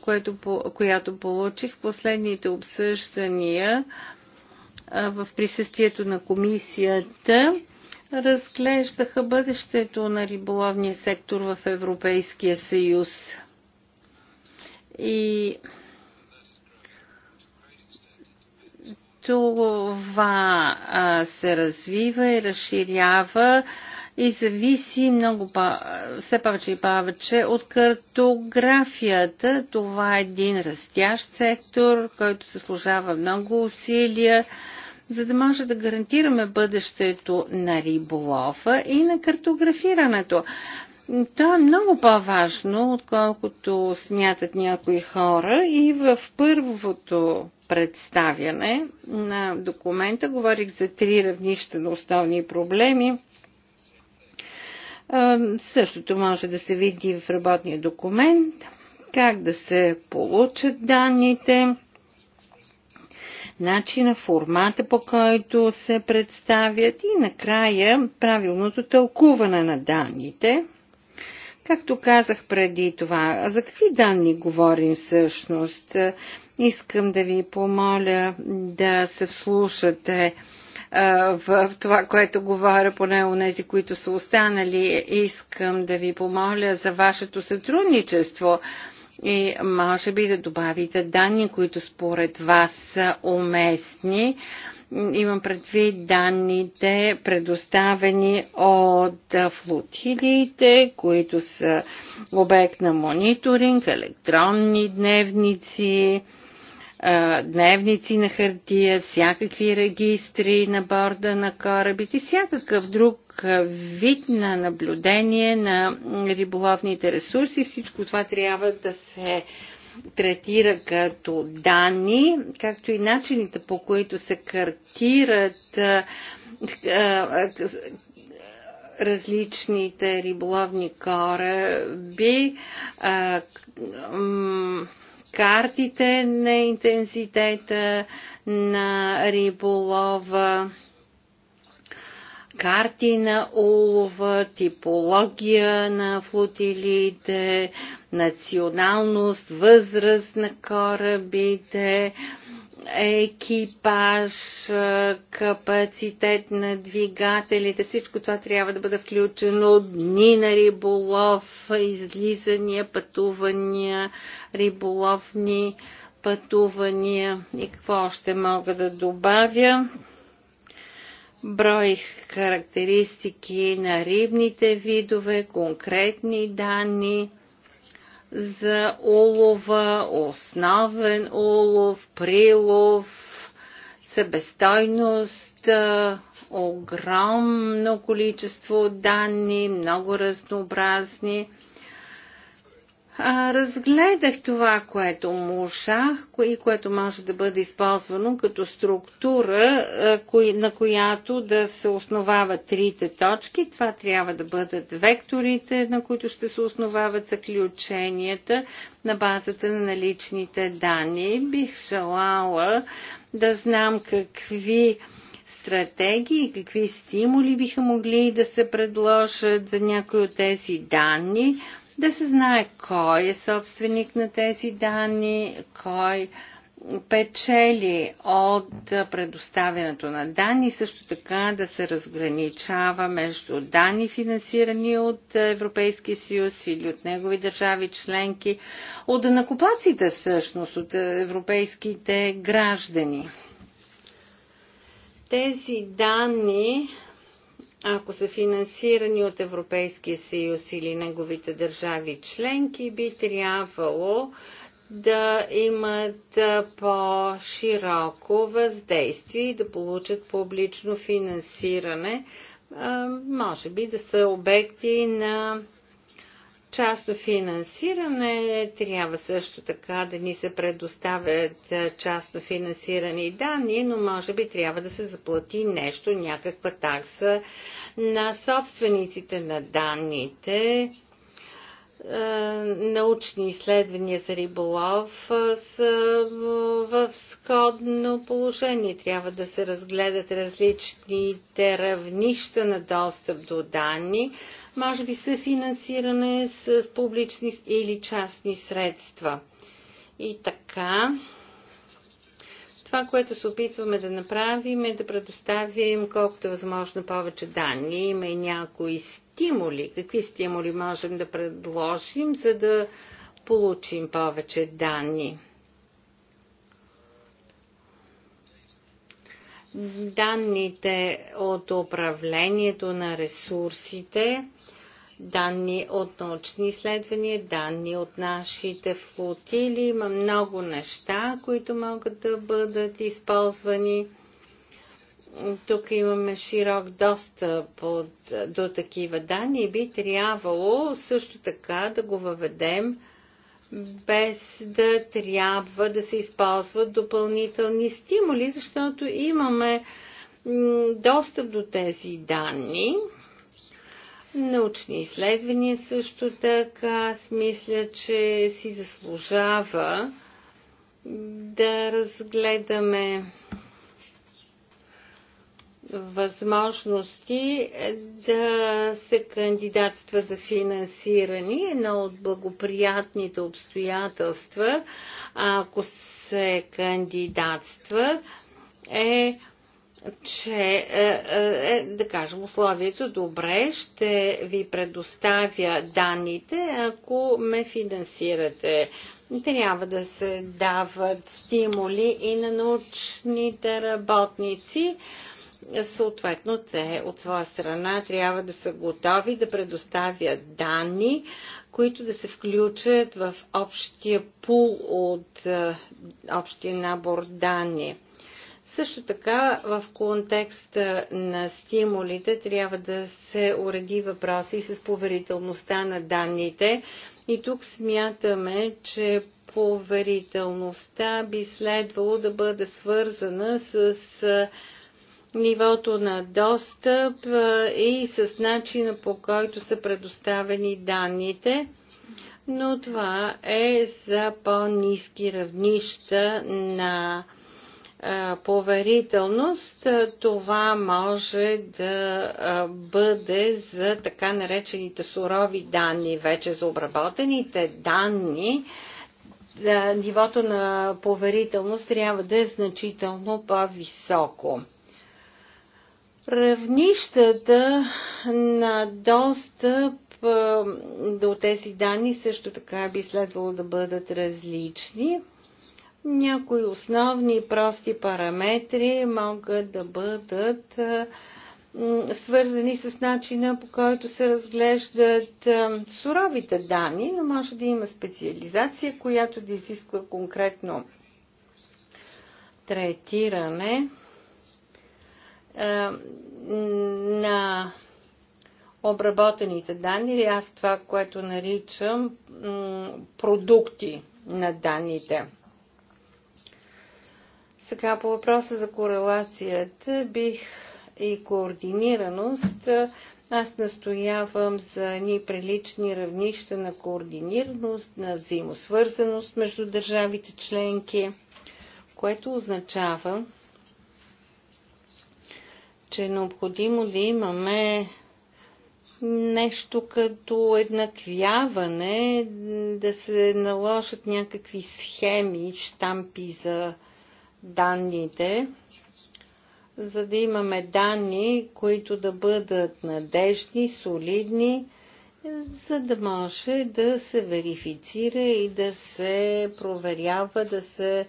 която получих последните обсъждания е, в присъствието на комисията разглеждаха бъдещето на риболовния сектор в Европейския съюз. И това а, се развива и разширява и зависи много все повече и повече от картографията. Това е един растящ сектор, който се служава много усилия, за да може да гарантираме бъдещето на риболова и на картографирането. То е много по-важно, отколкото смятат някои хора и в първото представяне на документа говорих за три равнища на основни проблеми. Същото може да се види в работния документ, как да се получат данните, начина, формата по който се представят и накрая правилното тълкуване на данните – Както казах преди това, за какви данни говорим всъщност? Искам да ви помоля да се вслушате в това, което говоря, поне у нези, които са останали. Искам да ви помоля за вашето сътрудничество и може би да добавите данни, които според вас са уместни Имам предвид данните, предоставени от флотилиите, които са обект на мониторинг, електронни дневници, дневници на хартия, всякакви регистри на борда на корабите, и всякакъв друг вид на наблюдение на риболовните ресурси. Всичко това трябва да се третира като данни, както и начините по които се картират а, а, различните риболовни кораби, а, картите на интензитета на риболова, карти на улова, типология на флотилиите, националност, възраст на корабите, екипаж, капацитет на двигателите, всичко това трябва да бъде включено, дни на риболов, излизания, пътувания, риболовни пътувания и какво още мога да добавя брой характеристики на рибните видове, конкретни данни за улова, основен улов, прилов, себестойност, огромно количество данни, много разнообразни – а, разгледах това, което мушах, и което може да бъде използвано като структура, а, кои, на която да се основават трите точки. Това трябва да бъдат векторите, на които ще се основават заключенията на базата на наличните данни. Бих желала да знам какви стратегии, какви стимули биха могли да се предложат за някои от тези данни да се знае кой е собственик на тези данни, кой печели от предоставянето на данни, също така да се разграничава между данни финансирани от Европейския съюз или от негови държави членки, от накопаците всъщност, от европейските граждани. Тези данни ако са финансирани от Европейския съюз или неговите държави членки, би трябвало да имат по-широко въздействие и да получат публично финансиране, може би да са обекти на от финансиране, трябва също така да ни се предоставят частно финансирани данни, но може би трябва да се заплати нещо, някаква такса на собствениците на данните. Научни изследвания за риболов са в сходно положение. Трябва да се разгледат различните равнища на достъп до данни може би съфинансиране с публични или частни средства. И така, това, което се опитваме да направим е да предоставим колкото е възможно повече данни. Има и някои стимули. Какви стимули можем да предложим, за да получим повече данни? данните от управлението на ресурсите, данни от научни изследвания, данни от нашите флотили. Има много неща, които могат да бъдат използвани. Тук имаме широк достъп от, до такива данни и би трябвало също така да го въведем без да трябва да се използват допълнителни стимули, защото имаме достъп до тези данни. Научни изследвания също така. Аз мисля, че си заслужава да разгледаме възможности да се кандидатства за финансиране. Едно от благоприятните обстоятелства, ако се кандидатства, е че, е, е, е, да кажем, условието добре, ще ви предоставя данните, ако ме финансирате. Трябва да се дават стимули и на научните работници съответно те от своя страна трябва да са готови да предоставят данни, които да се включат в общия пул от е, общия набор данни. Също така в контекста на стимулите трябва да се уреди въпроси с поверителността на данните. И тук смятаме, че поверителността би следвало да бъде свързана с е, нивото на достъп и с начина по който са предоставени данните, но това е за по-низки равнища на поверителност, това може да бъде за така наречените сурови данни, вече за обработените данни. Нивото на поверителност трябва да е значително по-високо. Равнищата на достъп е, до тези данни също така би следвало да бъдат различни. Някои основни прости параметри могат да бъдат е, свързани с начина по който се разглеждат е, суровите данни, но може да има специализация, която да изисква конкретно третиране е, на обработените данни или аз това, което наричам продукти на данните. Сега по въпроса за корелацията бих и координираност. Аз настоявам за едни прилични равнища на координираност, на взаимосвързаност между държавите членки, което означава, че е необходимо да имаме нещо като еднаквяване, да се наложат някакви схеми, штампи за данните, за да имаме данни, които да бъдат надежни, солидни, за да може да се верифицира и да се проверява, да се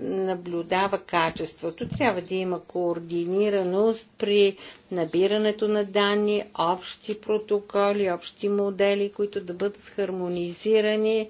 наблюдава качеството. Трябва да има координираност при набирането на данни, общи протоколи, общи модели, които да бъдат хармонизирани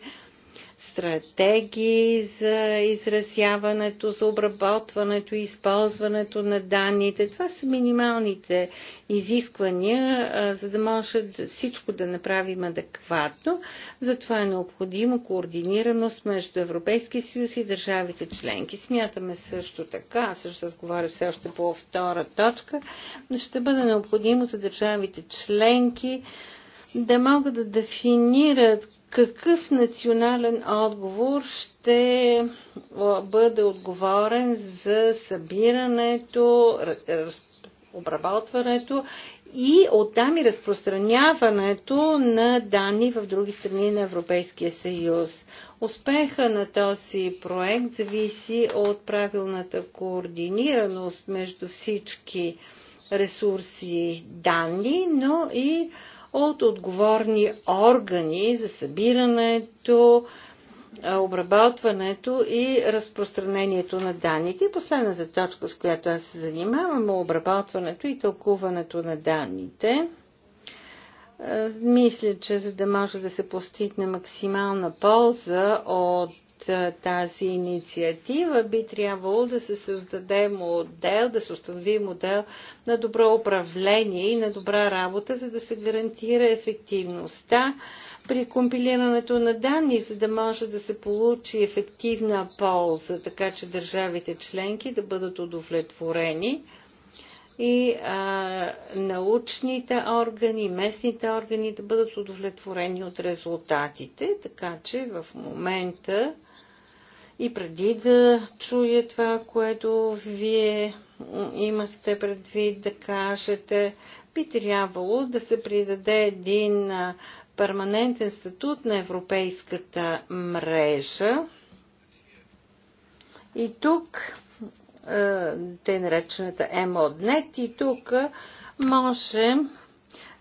стратегии за изразяването, за обработването и използването на данните. Това са минималните изисквания, за да може всичко да направим адекватно. Затова е необходимо координираност между Европейския съюз и държавите членки. Смятаме също така, аз също разговаря все още по втора точка, ще бъде необходимо за държавите членки да могат да дефинират какъв национален отговор ще бъде отговорен за събирането, обработването и оттам и разпространяването на данни в други страни на Европейския съюз. Успеха на този проект зависи от правилната координираност между всички ресурси данни, но и от отговорни органи за събирането, обработването и разпространението на данните. И последната точка, с която аз се занимавам, е обработването и тълкуването на данните. Мисля, че за да може да се постигне максимална полза от тази инициатива, би трябвало да се създаде модел, да се установи модел на добро управление и на добра работа, за да се гарантира ефективността при компилирането на данни, за да може да се получи ефективна полза, така че държавите членки да бъдат удовлетворени и а, научните органи, местните органи да бъдат удовлетворени от резултатите, така че в момента и преди да чуя това, което вие имахте предвид да кажете, би трябвало да се придаде един перманентен статут на европейската мрежа. И тук те наречената M.O.D.NET и тук можем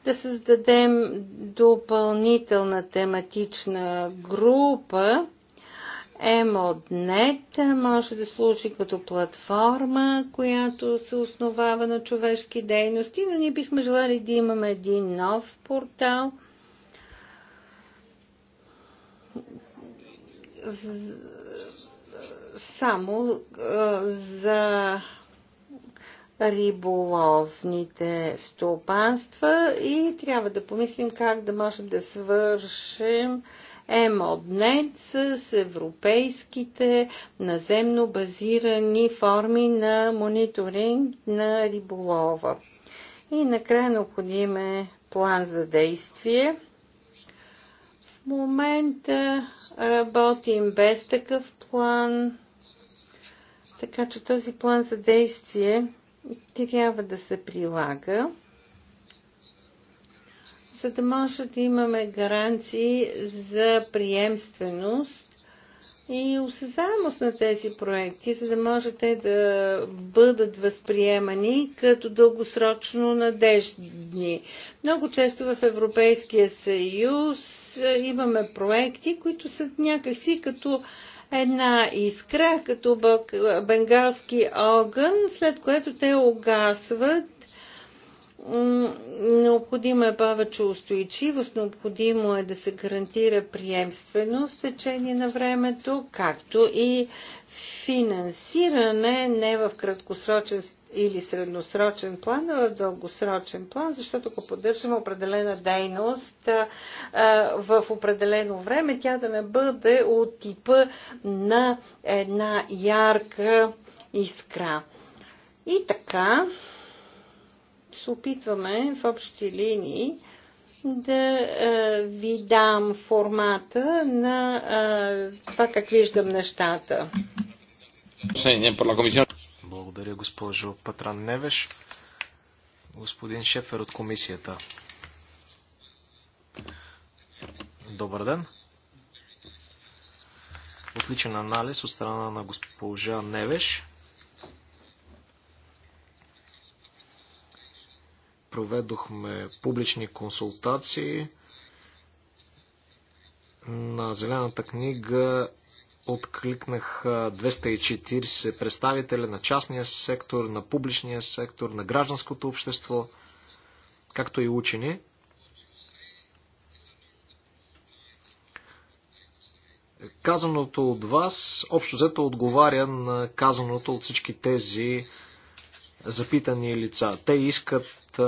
да създадем допълнителна тематична група. M.O.D.NET може да служи като платформа, която се основава на човешки дейности, но ние бихме желали да имаме един нов портал само е, за риболовните стопанства и трябва да помислим как да можем да свършим ЕМОДНЕТ с европейските наземно базирани форми на мониторинг на риболова. И накрая необходим е план за действие. В момента работим без такъв план така че този план за действие трябва да се прилага, за да може да имаме гаранции за приемственост и осъзаемост на тези проекти, за да може те да бъдат възприемани като дългосрочно надеждни. Много често в Европейския съюз имаме проекти, които са някакси като една искра, като бенгалски огън, след което те огасват. необходимо е повече устойчивост, необходимо е да се гарантира приемственост в течение на времето, както и финансиране не в краткосрочен или средносрочен план, а в дългосрочен план, защото ако поддържаме определена дейност в определено време, тя да не бъде от типа на една ярка искра. И така се опитваме в общи линии да ви дам формата на това как виждам нещата. Благодаря, госпожо Патран Невеш. Господин Шефер от комисията. Добър ден. Отличен анализ от страна на госпожа Невеш. Проведохме публични консултации на Зелената книга откликнаха 240 представители на частния сектор, на публичния сектор, на гражданското общество, както и учени. Казаното от вас, общо взето, отговаря на казаното от всички тези запитани лица. Те искат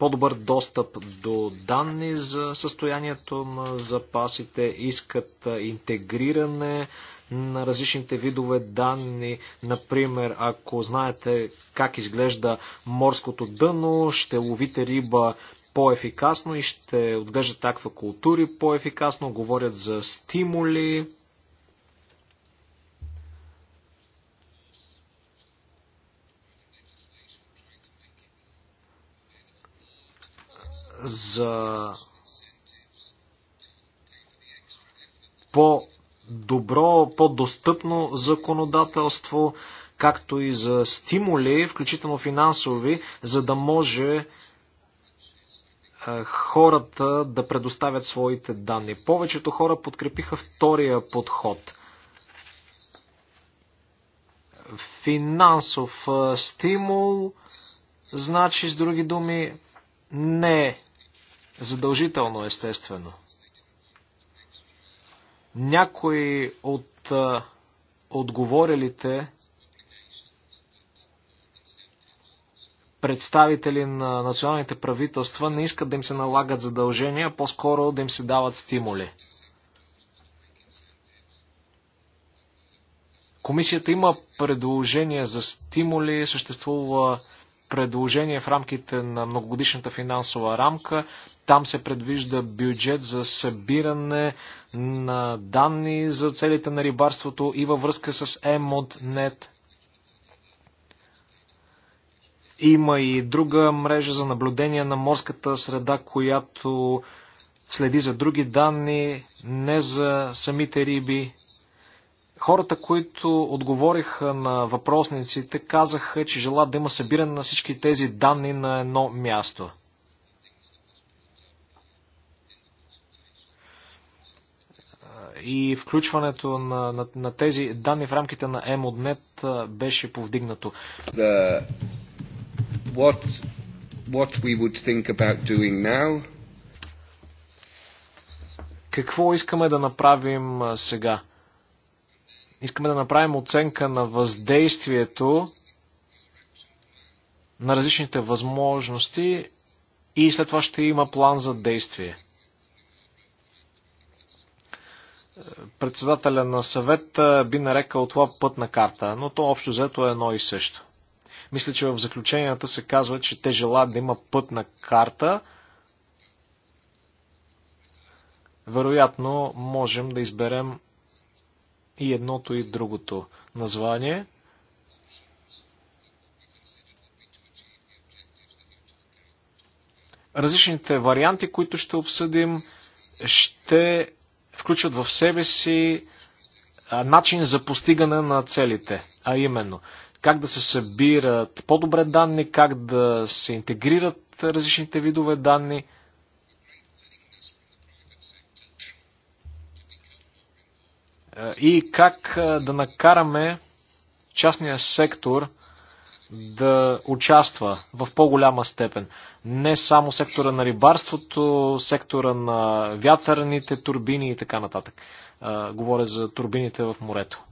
по-добър достъп до данни за състоянието на запасите, искат интегриране на различните видове данни. Например, ако знаете как изглежда морското дъно, ще ловите риба по-ефикасно и ще отглеждат аквакултури по-ефикасно, говорят за стимули, за по-добро, по-достъпно законодателство, както и за стимули, включително финансови, за да може е, хората да предоставят своите данни. Повечето хора подкрепиха втория подход. Финансов е, стимул, значи с други думи, не задължително, естествено. Някои от а, отговорилите представители на националните правителства не искат да им се налагат задължения, по-скоро да им се дават стимули. Комисията има предложение за стимули, съществува предложение в рамките на многогодишната финансова рамка. Там се предвижда бюджет за събиране на данни за целите на рибарството и във връзка с EMOD.net. Е има и друга мрежа за наблюдение на морската среда, която следи за други данни, не за самите риби. Хората, които отговориха на въпросниците, казаха, че желат да има събиране на всички тези данни на едно място. и включването на, на, на тези данни в рамките на EMODNET беше повдигнато. The, what, what we would think about doing now какво искаме да направим сега? Искаме да направим оценка на въздействието на различните възможности и след това ще има план за действие. председателя на съвет би нарекал това пътна карта, но то общо взето е едно и също. Мисля, че в заключенията се казва, че те желаят да има пътна карта. Вероятно, можем да изберем и едното и другото название. Различните варианти, които ще обсъдим, ще включват в себе си начин за постигане на целите, а именно как да се събират по-добре данни, как да се интегрират различните видове данни. И как да накараме частния сектор да участва в по-голяма степен. Не само сектора на рибарството, сектора на вятърните турбини и така нататък. А, говоря за турбините в морето.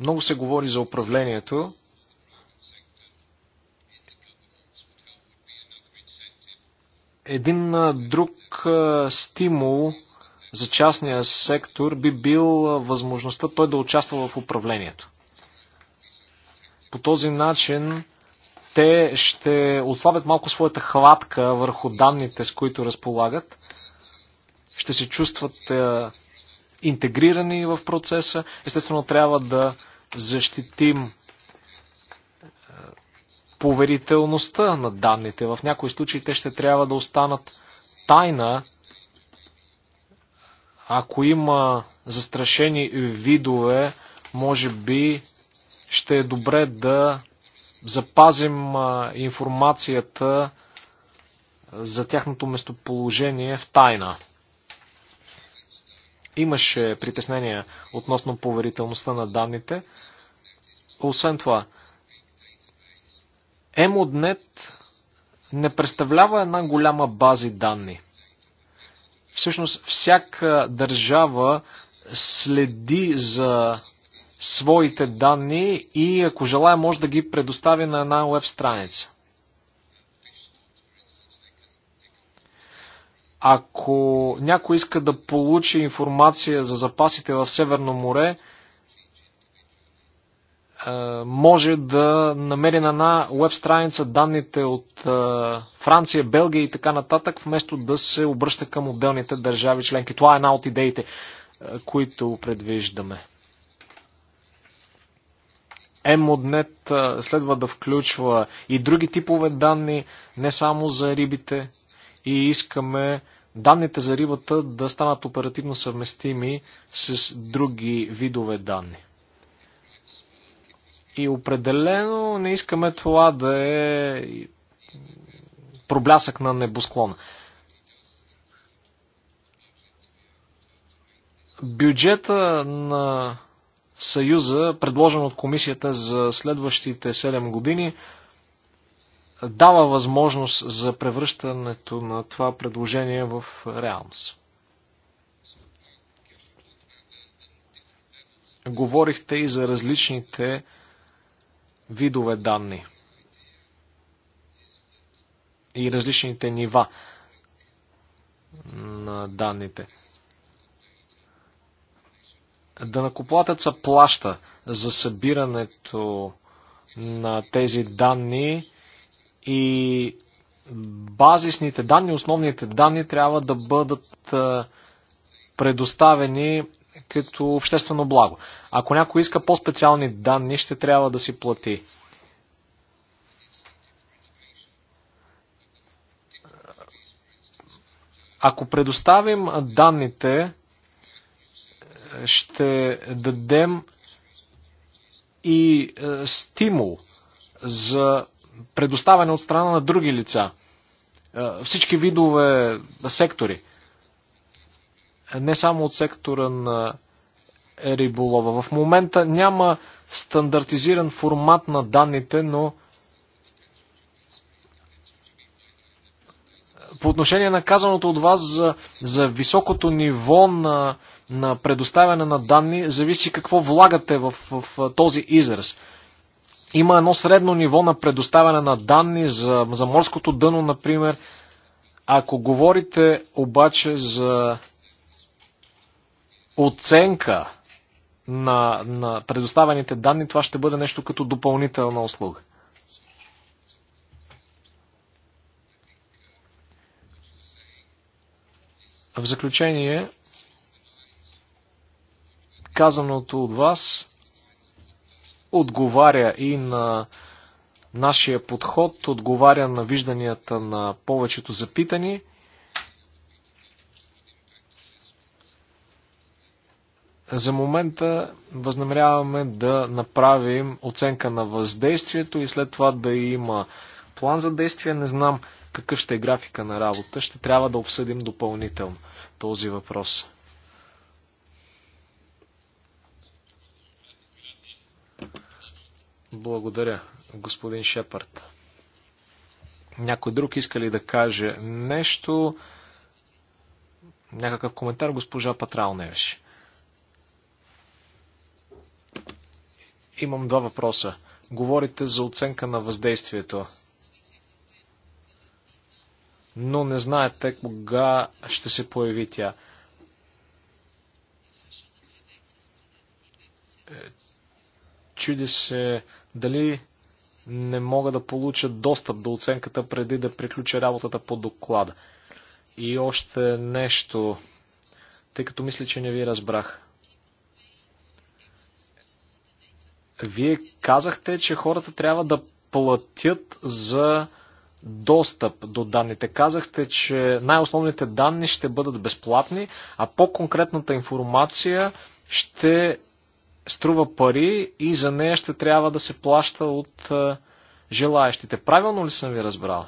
Много се говори за управлението. Един друг стимул за частния сектор би бил възможността той да участва в управлението. По този начин те ще отслабят малко своята хватка върху данните, с които разполагат. Ще се чувстват е, интегрирани в процеса. Естествено, трябва да защитим поверителността на данните. В някои случаи те ще трябва да останат тайна ако има застрашени видове, може би ще е добре да запазим информацията за тяхното местоположение в тайна. Имаше притеснения относно поверителността на данните. Освен това, Емоднет е не представлява една голяма бази данни. Всъщност всяка държава следи за своите данни и ако желая може да ги предостави на една веб страница. Ако някой иска да получи информация за запасите в Северно море, е, може да намери на една веб страница данните от е, Франция, Белгия и така нататък, вместо да се обръща към отделните държави членки. Това е една от идеите, е, които предвиждаме. MODNET следва да включва и други типове данни, не само за рибите. И искаме данните за рибата да станат оперативно съвместими с други видове данни. И определено не искаме това да е проблясък на небосклона. Бюджета на Съюза, предложен от комисията за следващите 7 години, дава възможност за превръщането на това предложение в реалност. Говорихте и за различните видове данни и различните нива на данните. се плаща за събирането на тези данни и базисните данни, основните данни трябва да бъдат предоставени като обществено благо. Ако някой иска по-специални данни, ще трябва да си плати. Ако предоставим данните, ще дадем и е, стимул за предоставяне от страна на други лица, е, всички видове сектори не само от сектора на риболова. В момента няма стандартизиран формат на данните, но по отношение на казаното от вас за, за високото ниво на, на предоставяне на данни, зависи какво влагате в, в, в този израз. Има едно средно ниво на предоставяне на данни за, за морското дъно, например. Ако говорите обаче за оценка на, на предоставените данни, това ще бъде нещо като допълнителна услуга. В заключение, казаното от вас отговаря и на нашия подход, отговаря на вижданията на повечето запитани. За момента възнамеряваме да направим оценка на въздействието и след това да има план за действие. Не знам какъв ще е графика на работа. Ще трябва да обсъдим допълнително този въпрос. Благодаря, господин Шепард. Някой друг иска ли да каже нещо? Някакъв коментар госпожа Патрал не беше. Имам два въпроса. Говорите за оценка на въздействието, но не знаете кога ще се появи тя. Е, чуди се дали не мога да получа достъп до оценката преди да приключа работата по доклада. И още нещо, тъй като мисля, че не ви разбрах. Вие казахте, че хората трябва да платят за достъп до данните. Казахте, че най-основните данни ще бъдат безплатни, а по-конкретната информация ще струва пари и за нея ще трябва да се плаща от е, желаящите. Правилно ли съм ви разбрал?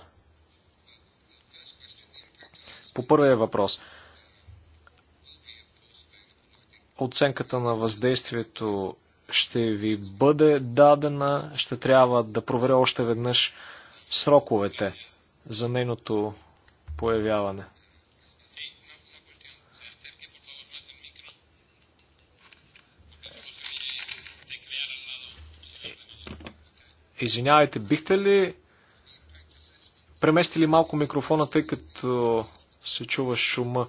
По първия въпрос. Оценката на въздействието ще ви бъде дадена, ще трябва да проверя още веднъж сроковете за нейното появяване. Извинявайте, бихте ли преместили малко микрофона, тъй като се чува шума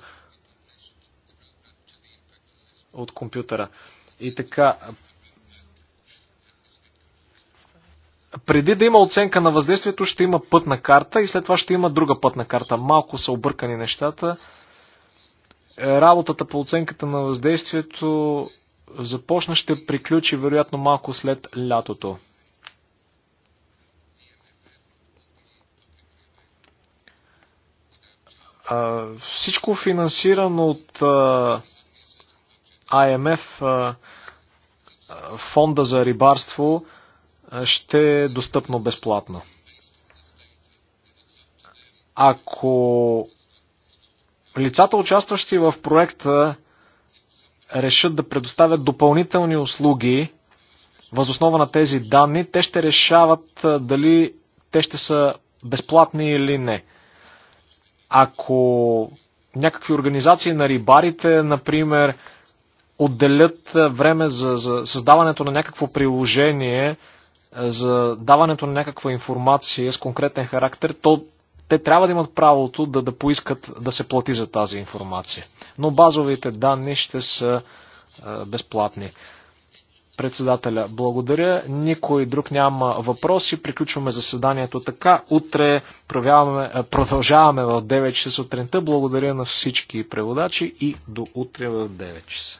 от компютъра? И така, преди да има оценка на въздействието, ще има пътна карта и след това ще има друга пътна карта. Малко са объркани нещата. Е, работата по оценката на въздействието започна, ще приключи вероятно малко след лятото. Всичко финансирано от IMF, фонда за рибарство, ще е достъпно безплатно. Ако лицата, участващи в проекта, решат да предоставят допълнителни услуги, възоснова на тези данни, те ще решават дали те ще са безплатни или не. Ако някакви организации на рибарите, например, отделят време за, за създаването на някакво приложение, е, за даването на някаква информация с конкретен характер, то те трябва да имат правото да, да поискат да се плати за тази информация. Но базовите данни ще са е, безплатни. Председателя, благодаря. Никой друг няма въпроси. Приключваме заседанието така. Утре е, продължаваме в 9 часа сутринта. Благодаря на всички преводачи и до утре в 9 часа.